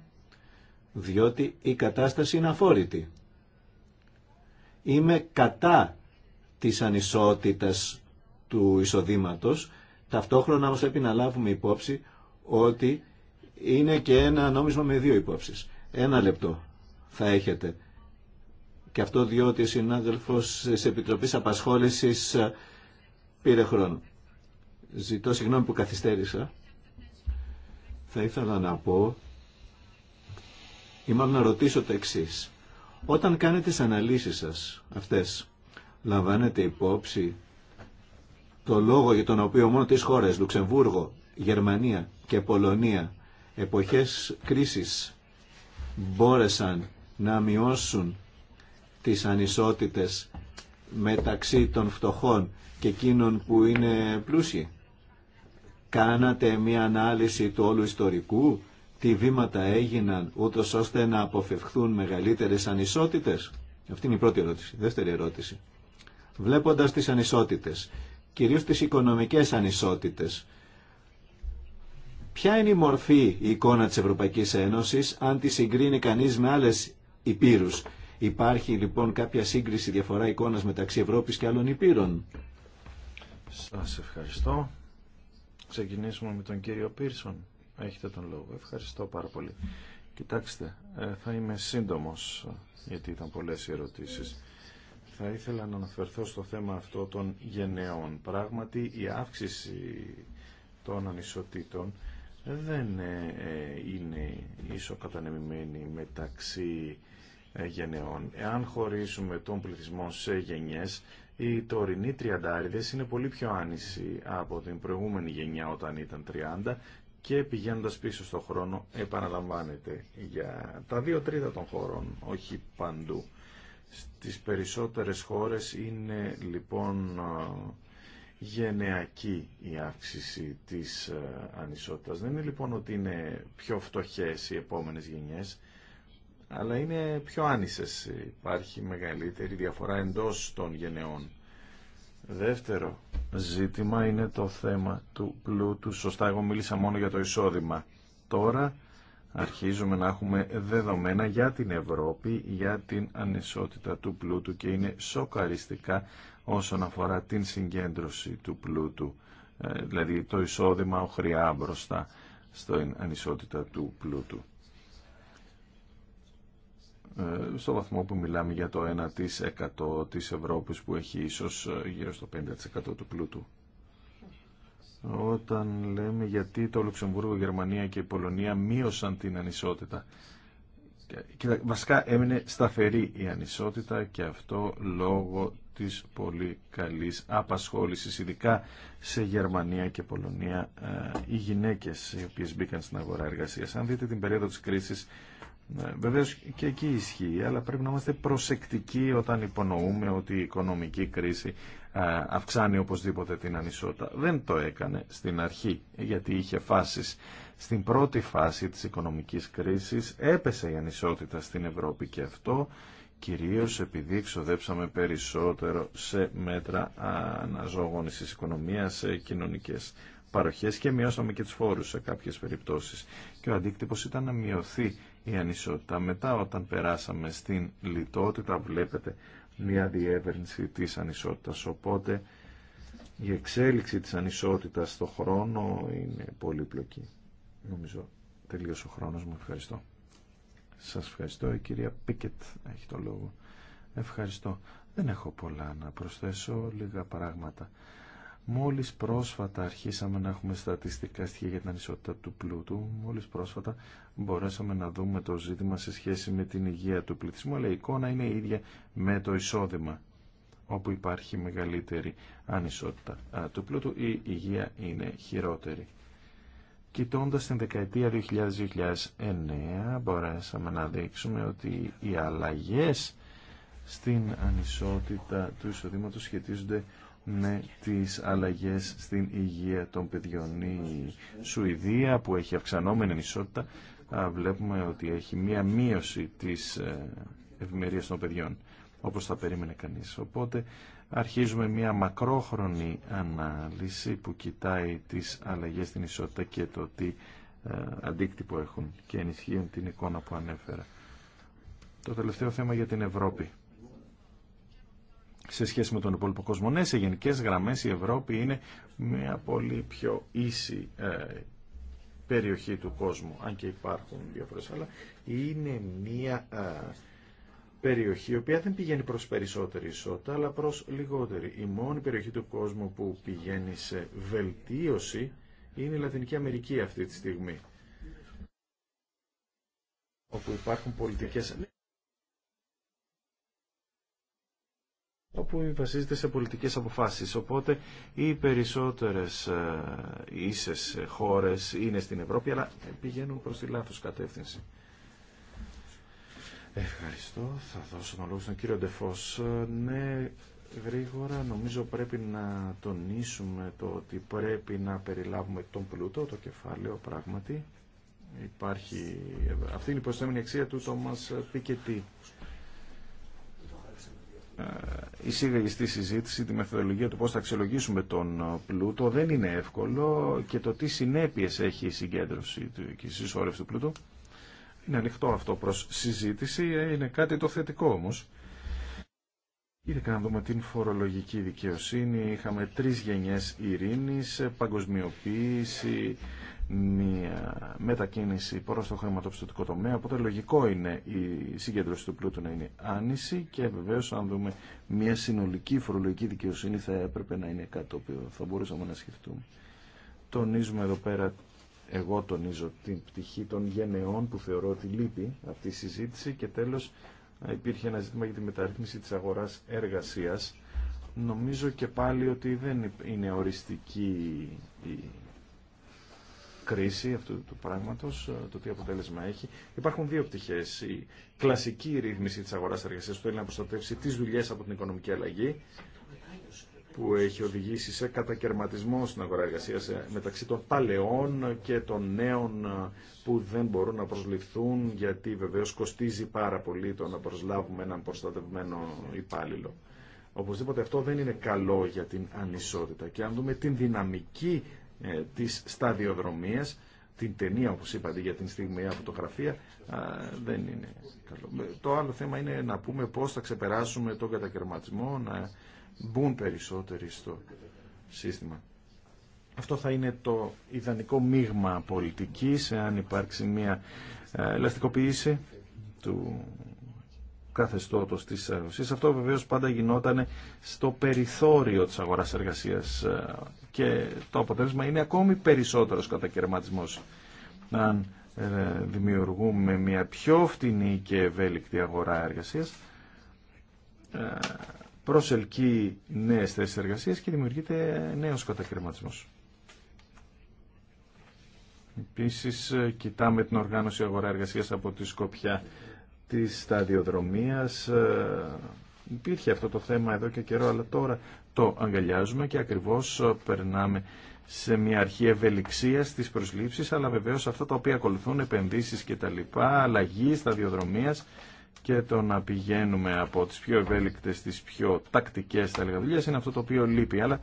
διότι η κατάσταση είναι αφόρητη. Είμαι κατά της ανισότητας του εισοδήματος, ταυτόχρονα όμως πρέπει να λάβουμε υπόψη ότι είναι και ένα νόμισμα με δύο υπόψεις. Ένα λεπτό θα έχετε. Και αυτό διότι ο συνάδελφος της Επιτροπής Απασχόλησης πήρε χρόνο. Ζητώ συγγνώμη που καθυστέρησα. Θα ήθελα να πω ή να ρωτήσω το εξή. Όταν κάνετε τις αναλύσεις σας αυτές, λαμβάνετε υπόψη το λόγο για τον οποίο μόνο τις χώρες, Λουξεμβούργο, Γερμανία και Πολωνία, εποχές κρίσης μπόρεσαν να μειώσουν τις ανισότητες μεταξύ των φτωχών και εκείνων που είναι πλούσιοι. Κάνατε μια ανάλυση του όλου ιστορικού, τι βήματα έγιναν ούτω ώστε να αποφευχθούν μεγαλύτερες ανισότητες. Αυτή είναι η πρώτη ερώτηση. Δεύτερη ερώτηση. Βλέποντας τις ανισότητες, κυρίως τις οικονομικές ανισότητες, ποια είναι η μορφή η εικόνα της Ευρωπαϊκής Ένωσης αν τη συγκρίνει κανείς με άλλες υπήρους Υπάρχει λοιπόν κάποια σύγκριση, διαφορά εικόνας μεταξύ Ευρώπης και άλλων υπήρων. Σας ευχαριστώ. Ξεκινήσουμε με τον κύριο Πίρσον. Έχετε τον λόγο. Ευχαριστώ πάρα πολύ. Κοιτάξτε, ε, θα είμαι σύντομος, γιατί ήταν πολλές οι ερωτήσεις. Θα ήθελα να αναφερθώ στο θέμα αυτό των γενναιών. Πράγματι, η αύξηση των ανισοτήτων δεν ε, ε, είναι ίσο κατανεμημένη μεταξύ γενεών. Εάν χωρίσουμε τον πληθυσμό σε γενιές, οι τωρινοί τριαντάριδες είναι πολύ πιο άνηση από την προηγούμενη γενιά όταν ήταν 30 και πηγαίνοντας πίσω στον χρόνο επαναλαμβάνεται για τα δύο τρίτα των χωρών, όχι παντού. Στις περισσότερες χώρες είναι λοιπόν γενεακή η αύξηση της ε, ανισότητας. Δεν είναι λοιπόν ότι είναι πιο φτωχές οι επόμενες γενιές, αλλά είναι πιο άνισες. Υπάρχει μεγαλύτερη διαφορά εντός των γενεών. Δεύτερο ζήτημα είναι το θέμα του πλούτου. Σωστά, εγώ μίλησα μόνο για το εισόδημα. Τώρα αρχίζουμε να έχουμε δεδομένα για την Ευρώπη, για την ανισότητα του πλούτου και είναι σοκαριστικά όσον αφορά την συγκέντρωση του πλούτου. Ε, δηλαδή το εισόδημα οχριά μπροστά στην ανισότητα του πλούτου. Ε, στο βαθμό που μιλάμε για το 1% της Ευρώπης που έχει ίσως ε, γύρω στο 50% του πλούτου. Όταν λέμε γιατί το Λουξεμβούργο, η Γερμανία και η Πολωνία μείωσαν την ανισότητα. Κοίτα, βασικά έμεινε σταθερή η ανισότητα και αυτό λόγω της πολύ καλής απασχόλησης, ειδικά σε Γερμανία και Πολωνία, ε, οι γυναίκες οι οποίες μπήκαν στην αγορά εργασίας. Αν δείτε την περίοδο της κρίσης, ναι, Βεβαίω και εκεί ισχύει, αλλά πρέπει να είμαστε προσεκτικοί όταν υπονοούμε ότι η οικονομική κρίση ε, αυξάνει οπωσδήποτε την ανισότητα. Δεν το έκανε στην αρχή, γιατί είχε φάσεις. Στην πρώτη φάση της οικονομικής κρίσης έπεσε η ανισότητα στην Ευρώπη και αυτό κυρίως επειδή ξοδέψαμε περισσότερο σε μέτρα αναζωογόνησης οικονομίας, σε κοινωνικές παροχές και μειώσαμε και τους φόρους σε κάποιες περιπτώσεις. Και ο αντίκτυπος ήταν να μειωθεί η ανισότητα. Μετά όταν περάσαμε στην λιτότητα βλέπετε μια διεύρυνση της ανισότητας. Οπότε η εξέλιξη της ανισότητας στο χρόνο είναι πολύπλοκη. Νομίζω τελείωσε ο χρόνος μου. Ευχαριστώ. Σας ευχαριστώ. Η κυρία Πίκετ έχει το λόγο. Ευχαριστώ. Δεν έχω πολλά να προσθέσω, λίγα πράγματα. Μόλις πρόσφατα αρχίσαμε να έχουμε στατιστικά στοιχεία για την ανισότητα του πλούτου, μόλις πρόσφατα μπορέσαμε να δούμε το ζήτημα σε σχέση με την υγεία του πληθυσμού, αλλά η εικόνα είναι η ίδια με το εισόδημα, όπου υπάρχει μεγαλύτερη ανισότητα του πλούτου, η υγεία είναι χειρότερη. Κοιτώντας την δεκαετία 2000-2009 μπορέσαμε να δείξουμε ότι οι αλλαγές στην ανισότητα του εισοδήματος σχετίζονται με τις αλλαγές στην υγεία των παιδιών. Η Σουηδία που έχει αυξανόμενη ισότητα βλέπουμε ότι έχει μία μείωση της ε, ευημερίας των παιδιών όπως θα περίμενε κανείς. Οπότε αρχίζουμε μία μακρόχρονη ανάλυση που κοιτάει τις αλλαγές στην ισότητα και το τι ε, αντίκτυπο έχουν και ενισχύουν την εικόνα που ανέφερα. Το τελευταίο θέμα για την Ευρώπη σε σχέση με τον υπόλοιπο κόσμο. Ναι, σε γενικές γραμμές η Ευρώπη είναι μια πολύ πιο ίση ε, περιοχή του κόσμου, αν και υπάρχουν διάφορε, αλλά είναι μια ε, περιοχή η οποία δεν πηγαίνει προς περισσότερη ισότητα, αλλά προς λιγότερη. Η μόνη περιοχή του κόσμου που πηγαίνει σε βελτίωση είναι η Λατινική Αμερική αυτή τη στιγμή, όπου υπάρχουν πολιτικές όπου βασίζεται σε πολιτικές αποφάσεις. Οπότε οι περισσότερες ε, ίσες χώρες είναι στην Ευρώπη, αλλά πηγαίνουν προς τη λάθος κατεύθυνση. Ευχαριστώ. Θα δώσω τον λόγο στον κύριο Ντεφός. Ναι, γρήγορα νομίζω πρέπει να τονίσουμε το ότι πρέπει να περιλάβουμε τον πλούτο, το κεφάλαιο πράγματι. Υπάρχει... Αυτή είναι η προσθέμενη αξία του Τόμας Πικετή η ε, στη συζήτηση τη μεθοδολογία του πώς θα αξιολογήσουμε τον ε, πλούτο δεν είναι εύκολο και το τι συνέπειες έχει η συγκέντρωση του και η συσσόρευση του πλούτου είναι ανοιχτό αυτό προς συζήτηση ε, είναι κάτι το θετικό όμως Είδα να δούμε την φορολογική δικαιοσύνη, είχαμε τρεις γενιές ειρήνης, παγκοσμιοποίηση, μια μετακίνηση προ το χρηματοπιστωτικό τομέα, οπότε λογικό είναι η συγκέντρωση του πλούτου να είναι άνηση και βεβαίω αν δούμε μια συνολική φορολογική δικαιοσύνη θα έπρεπε να είναι κάτι το οποίο θα μπορούσαμε να σκεφτούμε. Τονίζουμε εδώ πέρα, εγώ τονίζω την πτυχή των γενεών που θεωρώ ότι λείπει αυτή η συζήτηση και τέλος υπήρχε ένα ζήτημα για τη μεταρρύθμιση της αγοράς εργασίας. Νομίζω και πάλι ότι δεν είναι οριστική η κρίση αυτού του πράγματος, ε, το τι αποτέλεσμα έχει. Υπάρχουν δύο πτυχές. Η κλασική ρύθμιση της αγοράς εργασίας που θέλει να προστατεύσει τις δουλειές από την οικονομική αλλαγή που έχει οδηγήσει σε κατακαιρματισμό στην αγορά εργασίας ε, μεταξύ των παλαιών και των νέων ε, που δεν μπορούν να προσληφθούν γιατί βεβαίως κοστίζει πάρα πολύ το να προσλάβουμε έναν προστατευμένο υπάλληλο. Οπωσδήποτε αυτό δεν είναι καλό για την ανισότητα. Και αν δούμε την δυναμική ε, της σταδιοδρομίας, την ταινία όπως είπατε για την η φωτογραφία, α, δεν είναι καλό. Ε, το άλλο θέμα είναι να πούμε πώς θα ξεπεράσουμε τον κατακαιρματισμό, να μπουν περισσότεροι στο σύστημα. Αυτό θα είναι το ιδανικό μείγμα πολιτικής, αν υπάρξει μια ε, ελαστικοποίηση του καθεστώτος της Ρωσίας. Αυτό βεβαίως πάντα γινόταν στο περιθώριο της αγοράς εργασίας ε, και το αποτέλεσμα είναι ακόμη περισσότερος κατακαιρματισμός. Αν ε, δημιουργούμε μια πιο φτηνή και ευέλικτη αγορά εργασίας, ε, προσελκύει νέες θέσει εργασία και δημιουργείται νέος κατακαιρματισμός. Επίσης, κοιτάμε την οργάνωση αγορά εργασίας από τη Σκοπιά της σταδιοδρομίας. Ε, υπήρχε αυτό το θέμα εδώ και καιρό, αλλά τώρα το αγκαλιάζουμε και ακριβώς ε, περνάμε σε μια αρχή ευελιξία τη προσλήψη, αλλά βεβαίω αυτά τα οποία ακολουθούν, επενδύσει κτλ., αλλαγή σταδιοδρομία και το να πηγαίνουμε από τι πιο ευέλικτε στι πιο τακτικέ τα δουλειέ είναι αυτό το οποίο λείπει. Αλλά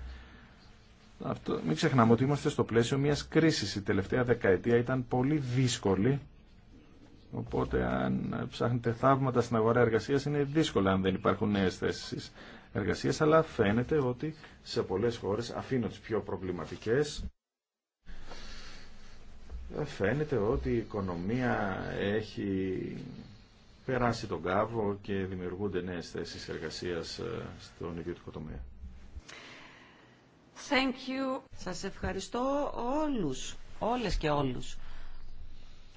αυτό, μην ξεχνάμε ότι είμαστε στο πλαίσιο μια κρίση. Η τελευταία δεκαετία ήταν πολύ δύσκολη Οπότε αν ψάχνετε θαύματα στην αγορά εργασίας είναι δύσκολο αν δεν υπάρχουν νέες θέσει εργασίας, αλλά φαίνεται ότι σε πολλές χώρες αφήνω τις πιο προβληματικές. Φαίνεται ότι η οικονομία έχει περάσει τον κάβο και δημιουργούνται νέες θέσει εργασίας ε, στον ιδιωτικό τομέα. Thank you. Σας ευχαριστώ όλους, όλες και όλους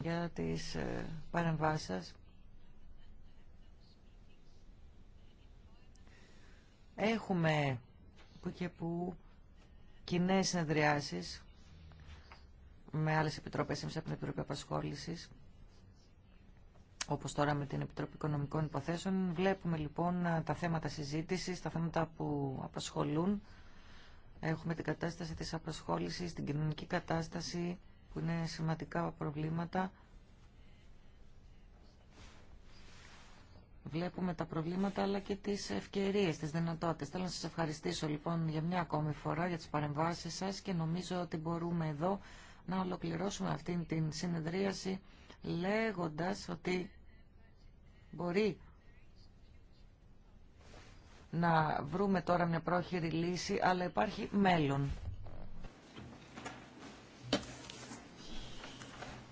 για τις ε, παρεμβάσεις Έχουμε που και που κοινέ συνεδριάσει με άλλες επιτροπές, εμείς από την Επιτροπή Απασχόλησης, όπως τώρα με την Επιτροπή Οικονομικών Υποθέσεων. Βλέπουμε λοιπόν τα θέματα συζήτησης, τα θέματα που απασχολούν. Έχουμε την κατάσταση της απασχόλησης, την κοινωνική κατάσταση, που είναι σημαντικά προβλήματα. Βλέπουμε τα προβλήματα αλλά και τις ευκαιρίες, τις δυνατότητες. Θέλω να σας ευχαριστήσω λοιπόν για μια ακόμη φορά για τις παρεμβάσεις σας και νομίζω ότι μπορούμε εδώ να ολοκληρώσουμε αυτήν την συνεδρίαση λέγοντας ότι μπορεί να βρούμε τώρα μια πρόχειρη λύση, αλλά υπάρχει μέλλον.